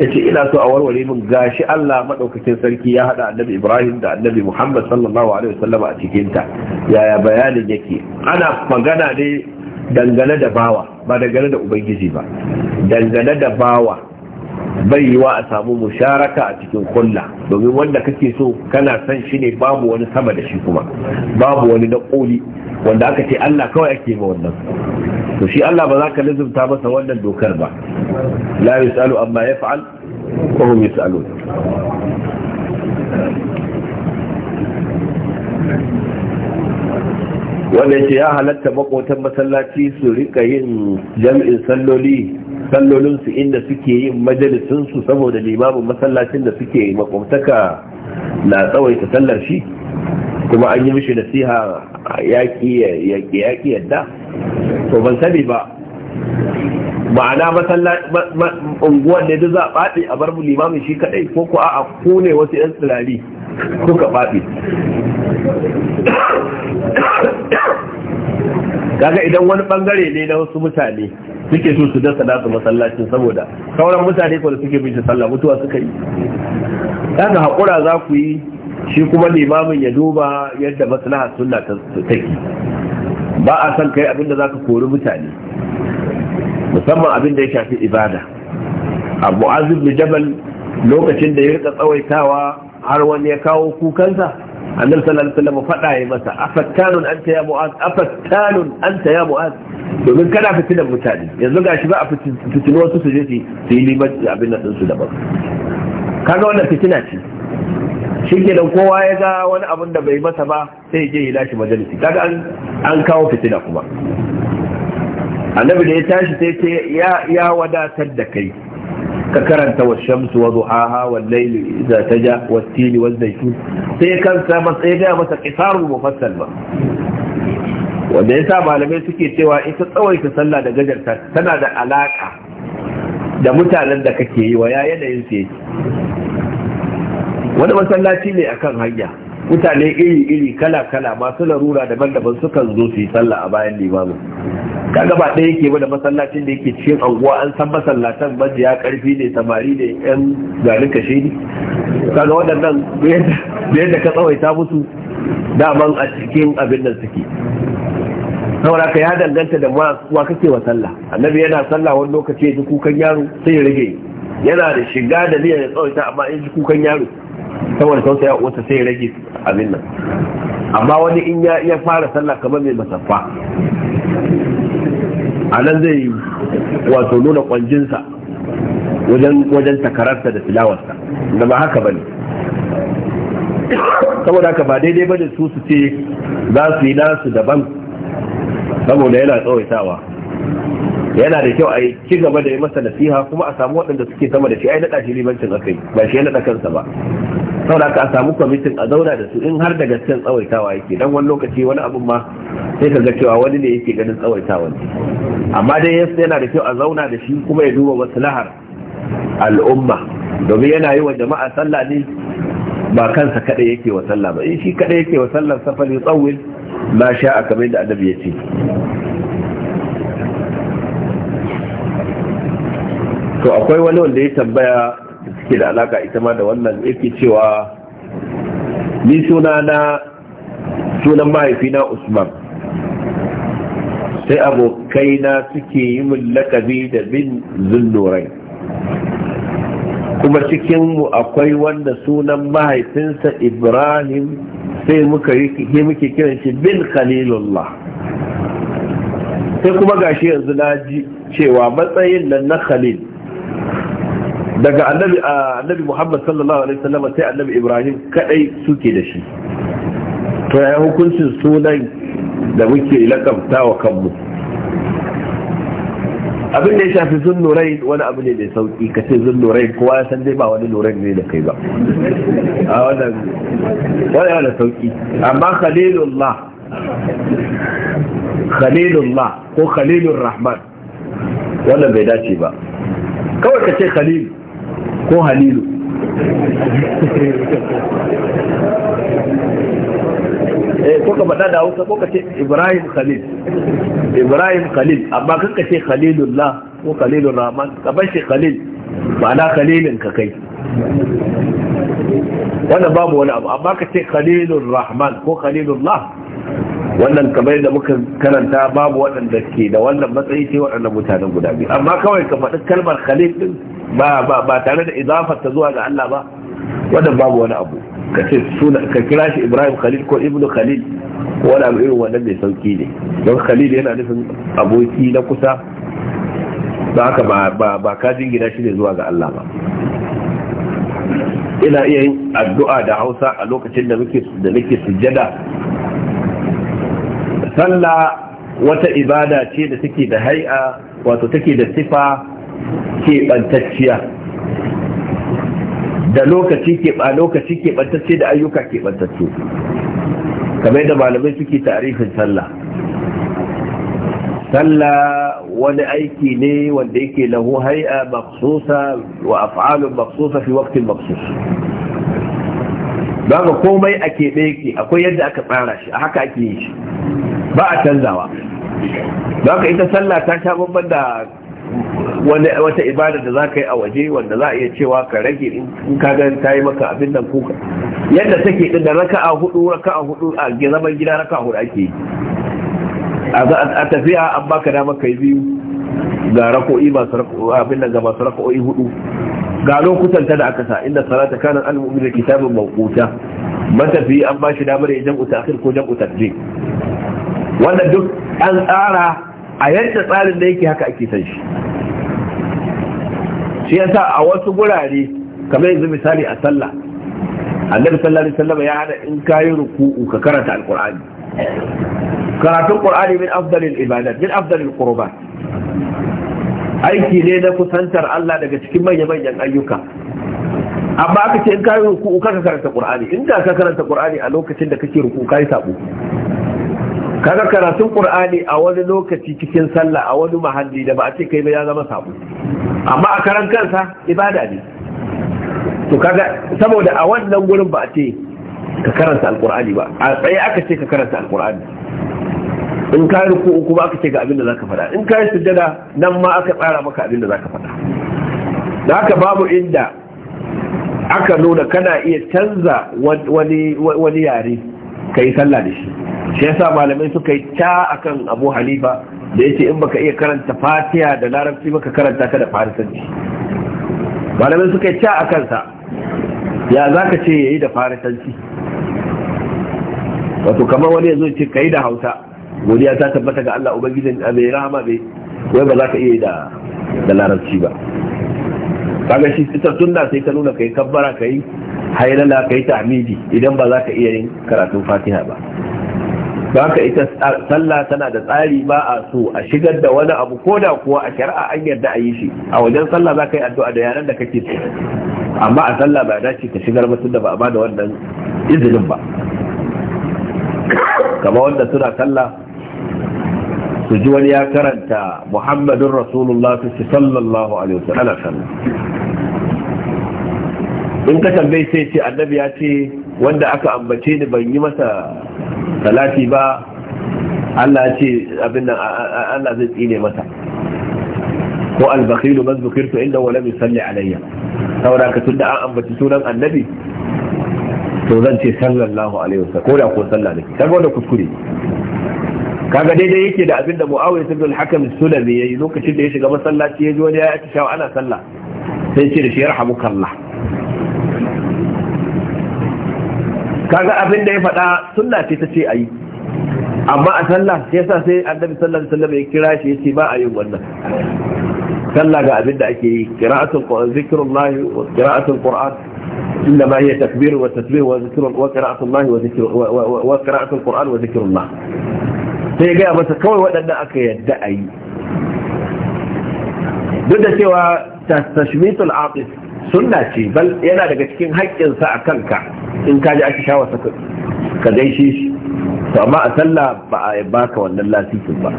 yace ina so a warware min gashi Allah madaukakin sarki ya hada annabi Ibrahim da annabi Muhammad sallallahu alaihi wasallam a cikin ta yaya bayanin yake ana magana ne dangane da bawa ba dangane da ubangiji ba dangane da bawa bai yi wa a samu musharaka a cikin kulla domin wanda kake so kana san shi ne babu wani sama da shi kuma babu wani na koli wanda aka ce Allah kawai ake ma wannan to shi Allah ba za ka lizumta masa wannan dokar ba la yasalu amma yaf'al wa hum yusalun wanda yake ya halatta makotan masallaci su rika yin jami'in salloli sallolinsu inda suke yin majalisinsu saboda limamin masallacin da suke makwabtaka na tsawaita sallar shi kuma an yi mishi nasiha ƙi yadda to ban sani ba ma'ana unguwan ne duk za a ɓaɗe a limamin shi kaɗai ko ku a ku ne wasu 'yan tsirari duka faɗi kaga idan wani bangare ne na wasu mutane suke so su dasa nasu masallacin saboda sauran mutane ko da suke bin sallah mutuwa suka yi kaga haƙura za ku yi shi kuma limamin ya duba yadda maslaha sunna ta take ba a san kai abinda za ka kori mutane musamman abinda da ya shafi ibada abu azib jabal lokacin da ya rika tsawaitawa har wani ya kawo kukansa annabi sallallahu alaihi wasallam faɗa ya masa afattanun anta ya mu'az afattanun anta ya mu'az domin kana fitinan mutane yanzu gashi ba a fitino wasu su je su yi liman abin nan su daban kaga wannan fitina ce shi kenan kowa ya ga wani abin da bai masa ba sai je yi lashi majalisi kaga an an kawo fitina kuma annabi da ya tashi sai ce ya wadatar da kai ka karanta wa shamsu wa duhaha wa laili idza taja wa tili wa zaytun sai kan sa masa ya ga masa qisarul mufassal ba wanda yasa malamai suke cewa ita tsawaita sallah da gajarta tana da alaka da mutanen da kake yi wa ya yanayin su yake wani masallaci ne akan hanya mutane iri-iri kala-kala masu larura daban-daban sukan zo su yi sallah a bayan limamin kaga ba ɗaya yake da masallacin da yake cikin anguwa an san masallatan majiya karfi ne samari ne yan garin kashe ne kaga waɗannan yadda ka tsawaita musu daman a cikin abin nan suke saboda ka ya danganta da wa kake wa sallah annabi yana sallah wani lokaci ya ji kukan yaro sai ya rage yana da shiga da niyyar ya tsawaita amma in ji kukan yaro saboda ya wata sai ya rage abin nan amma wani in ya iya fara sallah kamar mai masaffa a nan zai wato nuna kwanjinsa wajen takararsa da tilawarsa da ba haka bane saboda haka ba daidai bane su su ce za su yi nasu daban saboda yana tsawaitawa yana da kyau a yi ci gaba da yi masa nasiha kuma a samu waɗanda suke sama da shi ai naɗa shi limancin akai ba shi ya naɗa kansa ba saboda ka samu kwamitin a zauna da su in har da gaskiyar tsawaitawa yake dan wani lokaci wani abun ma sai ka ga cewa wani ne yake ganin tsawaitawa ne amma dai yasa yana da kyau a zauna da shi kuma ya duba maslahar al'umma domin yana yi wa jama'a sallah ne ba kansa kada yake wa sallah ba in shi kada yake wa safar safari tsawil ma sha'a kamar da annabi ya ce to akwai wani wanda ya tambaya suke da alaka ita ma da wannan yake cewa ni suna na sunan mahaifina usman sai abokaina suke yi min lakabi da bin zunnurai kuma mu akwai wanda sunan mahaifinsa ibrahim sai muka yi muke kiran shi bin khalilullah sai kuma gashi yanzu na ji cewa matsayin nan na khalil daga annabi annabi Muhammad sallallahu alaihi wasallam sai annabi Ibrahim kadai suke da shi to ya hukuncin sunan da muke lakabta wa kanmu abin da ya shafi zunnurai wani abu ne mai sauki ka ce zunnurai kowa ya san dai ba wani nurai ne da kai ba a wannan wani da sauki amma khalilullah khalilullah ko khalilur rahman wannan bai dace ba kawai ka ce khalil ko halilu eh ko ka faɗa da hausa ko ka ce ibrahim khalil ibrahim khalil amma kan ka ce khalilullah ko khalilur rahman ka bar shi khalil ma'ana khalilin ka kai wannan babu wani abu amma ka ce khalilur rahman ko khalilullah wannan kamar da muka karanta babu waɗanda ke da wannan matsayi ce waɗannan mutanen guda biyu amma kawai ka faɗi kalmar khalil din ba tare da izafar ta zuwa ga Allah ba wannan babu wani abu ka ce suna ka kira shi Ibrahim Khalil ko Ibnu Khalil ko wani abu irin wannan mai sauki ne don Khalil yana nufin aboki na kusa ba haka ba ba ka jingina shi ne zuwa ga Allah ba ina iya yin addu'a da Hausa a lokacin da muke da nake sujjada sallah wata ibada ce da take da hai'a wato take da sifa keɓantacciya da lokaci keɓa lokaci keɓantacce da ayyuka keɓantacce kamar da malamai suke tarifin sallah sallah wani aiki ne wanda yake lahu hai'a maksusa wa af'alun maksusa fi waqtin maksus ba komai a keɓe yake akwai yadda aka tsara shi a haka ake yi shi ba a canzawa ba ita sallah ta sha babban da wata ibada da za ka yi a waje wanda za a iya cewa ka rage in ka gani ta yi maka abin nan kuka yadda take din da a hudu a hudu a zaman gida a hudu ake yi a tafiya an baka dama kai biyu ga rako'i masu abin nan ga masu rako'i hudu ga lokutan ta da aka sa inda salata kana al da kitabin mawquta matafi an ba shi damar ya jam'u ta'khir ko jam'u taqdim wannan duk an tsara a yadda tsarin da yake haka ake san shi shi yasa a wasu gurare kamar yanzu misali a sallah annabi sallallahu alaihi wasallam ya hada in kayi ruku'u ka karanta alqur'ani karatun qur'ani min afdalil ibadat min afdalil qurbat aiki ne na kusantar Allah daga cikin manyan manyan ayyuka amma aka ce in kayi ruku'u ka karanta qur'ani in da ka karanta qur'ani a lokacin da kake ruku'u kai sabo kaga karatun qur'ani a wani lokaci cikin sallah a wani mahalli da ba a ce kai ba ya zama sabo amma a karan kansa ibada ne to kaga saboda a wannan gurin ba a ce ka karanta alqur'ani ba a tsaye aka ce ka karanta alqur'ani in ka ruku kuma aka ce ga abin da zaka faɗa in ka yi sujjada nan ma aka tsara maka abin da zaka faɗa da haka babu inda aka nuna kana iya canza wani yare ka yi sallah da shi shi yasa malamai suka yi ta akan abu halifa da yace in baka iya karanta fatiha da larabci baka karanta ka da farisanci malamai suka yi ta akan sa ya ka ce yayi da farisanci wato kamar wani yazo ce yi da hausa godiya ta tabbata ga Allah ubangijin mai rahama bai wai ba za ka iya da da larabci ba kaga shi ita sunna sai ta nuna kai kabbara kai hailala ka yi idan ba za ka iya yin karatun fatiha ba ba ita sallah tana da tsari ba a so a shigar da wani abu ko da kuwa a shari'a an yarda a yi shi a wajen sallah za ka yi addu'a da yaran da kake so amma a sallah ba dace ka shigar ba tunda ba a bada wannan izinin ba kama wanda suna sallah su ji wani ya karanta muhammadun rasulullah sallallahu alaihi wasallam in ka tambaye sai ce annabi ya ce wanda aka ambace ni ban yi masa salati ba Allah ce abin nan Allah zai tsine masa ko al-bakhilu man zukirtu inda wa lam yusalli alayya saboda ka tunda an ambaci sunan annabi to zan ce sallallahu alaihi wasallam ko da ko sallah ne kaga wanda kuskure kaga daidai yake da abinda Muawiya ibn al-Hakam sulami yayi lokacin da ya shiga masallaci ya ji wani ya ci shawa ana sallah sai ce da shi yarhamukallah kaga abin da ya faɗa sunna ce ta ce a yi amma a sallah ya sa sai annabi sallallahu alaihi wasallam ya kira shi yace ba a yin wannan sallah ga abin da ake yi qira'atul qur'an zikrullahi wa qira'atul qur'an inna ma hiya takbir wa tasbih wa zikr wa qira'atullahi wa zikr wa qira'atul qur'an wa zikrullah sai ga masa kawai waɗannan aka yadda a yi duk da cewa tashmitul atis sunna ce bal yana daga cikin haƙƙinsa a kanka in ka ji ake shawarta ka gaishe shi to amma a sallah ba a baka wannan lasikin ba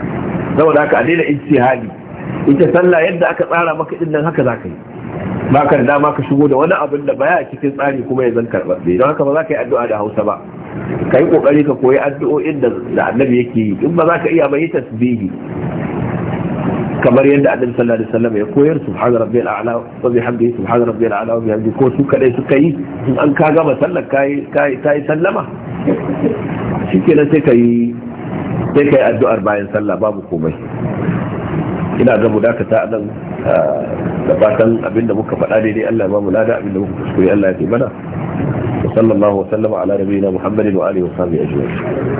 saboda haka a daina hali ita sallah yadda aka tsara maka din nan haka za ka yi ba ka da dama ka shigo da wani abin da baya cikin tsari kuma ya zan karɓaɓɓe don haka ba za ka yi addu'a da hausa ba ka yi ƙoƙari ka koyi addu'o'in da annabi yake yi in ba za ka iya ba yi tasbihi kamar yadda annabi sallallahu alaihi wasallam ya koyar subhana rabbiyal a'la wa bihamdihi subhana rabbiyal a'la wa bihamdihi ko su kadai suka yi in an ka gama sallar kai kai kai sallama shikenan sai kai sai kai addu'ar bayan sallah babu komai ina ga mudakata nan da fatan abinda muka faɗa daidai Allah ya mu lada abinda muka kuskure Allah ya ce mana sallallahu wa sallama ala nabiyina muhammadin wa alihi wa sahbihi ajma'in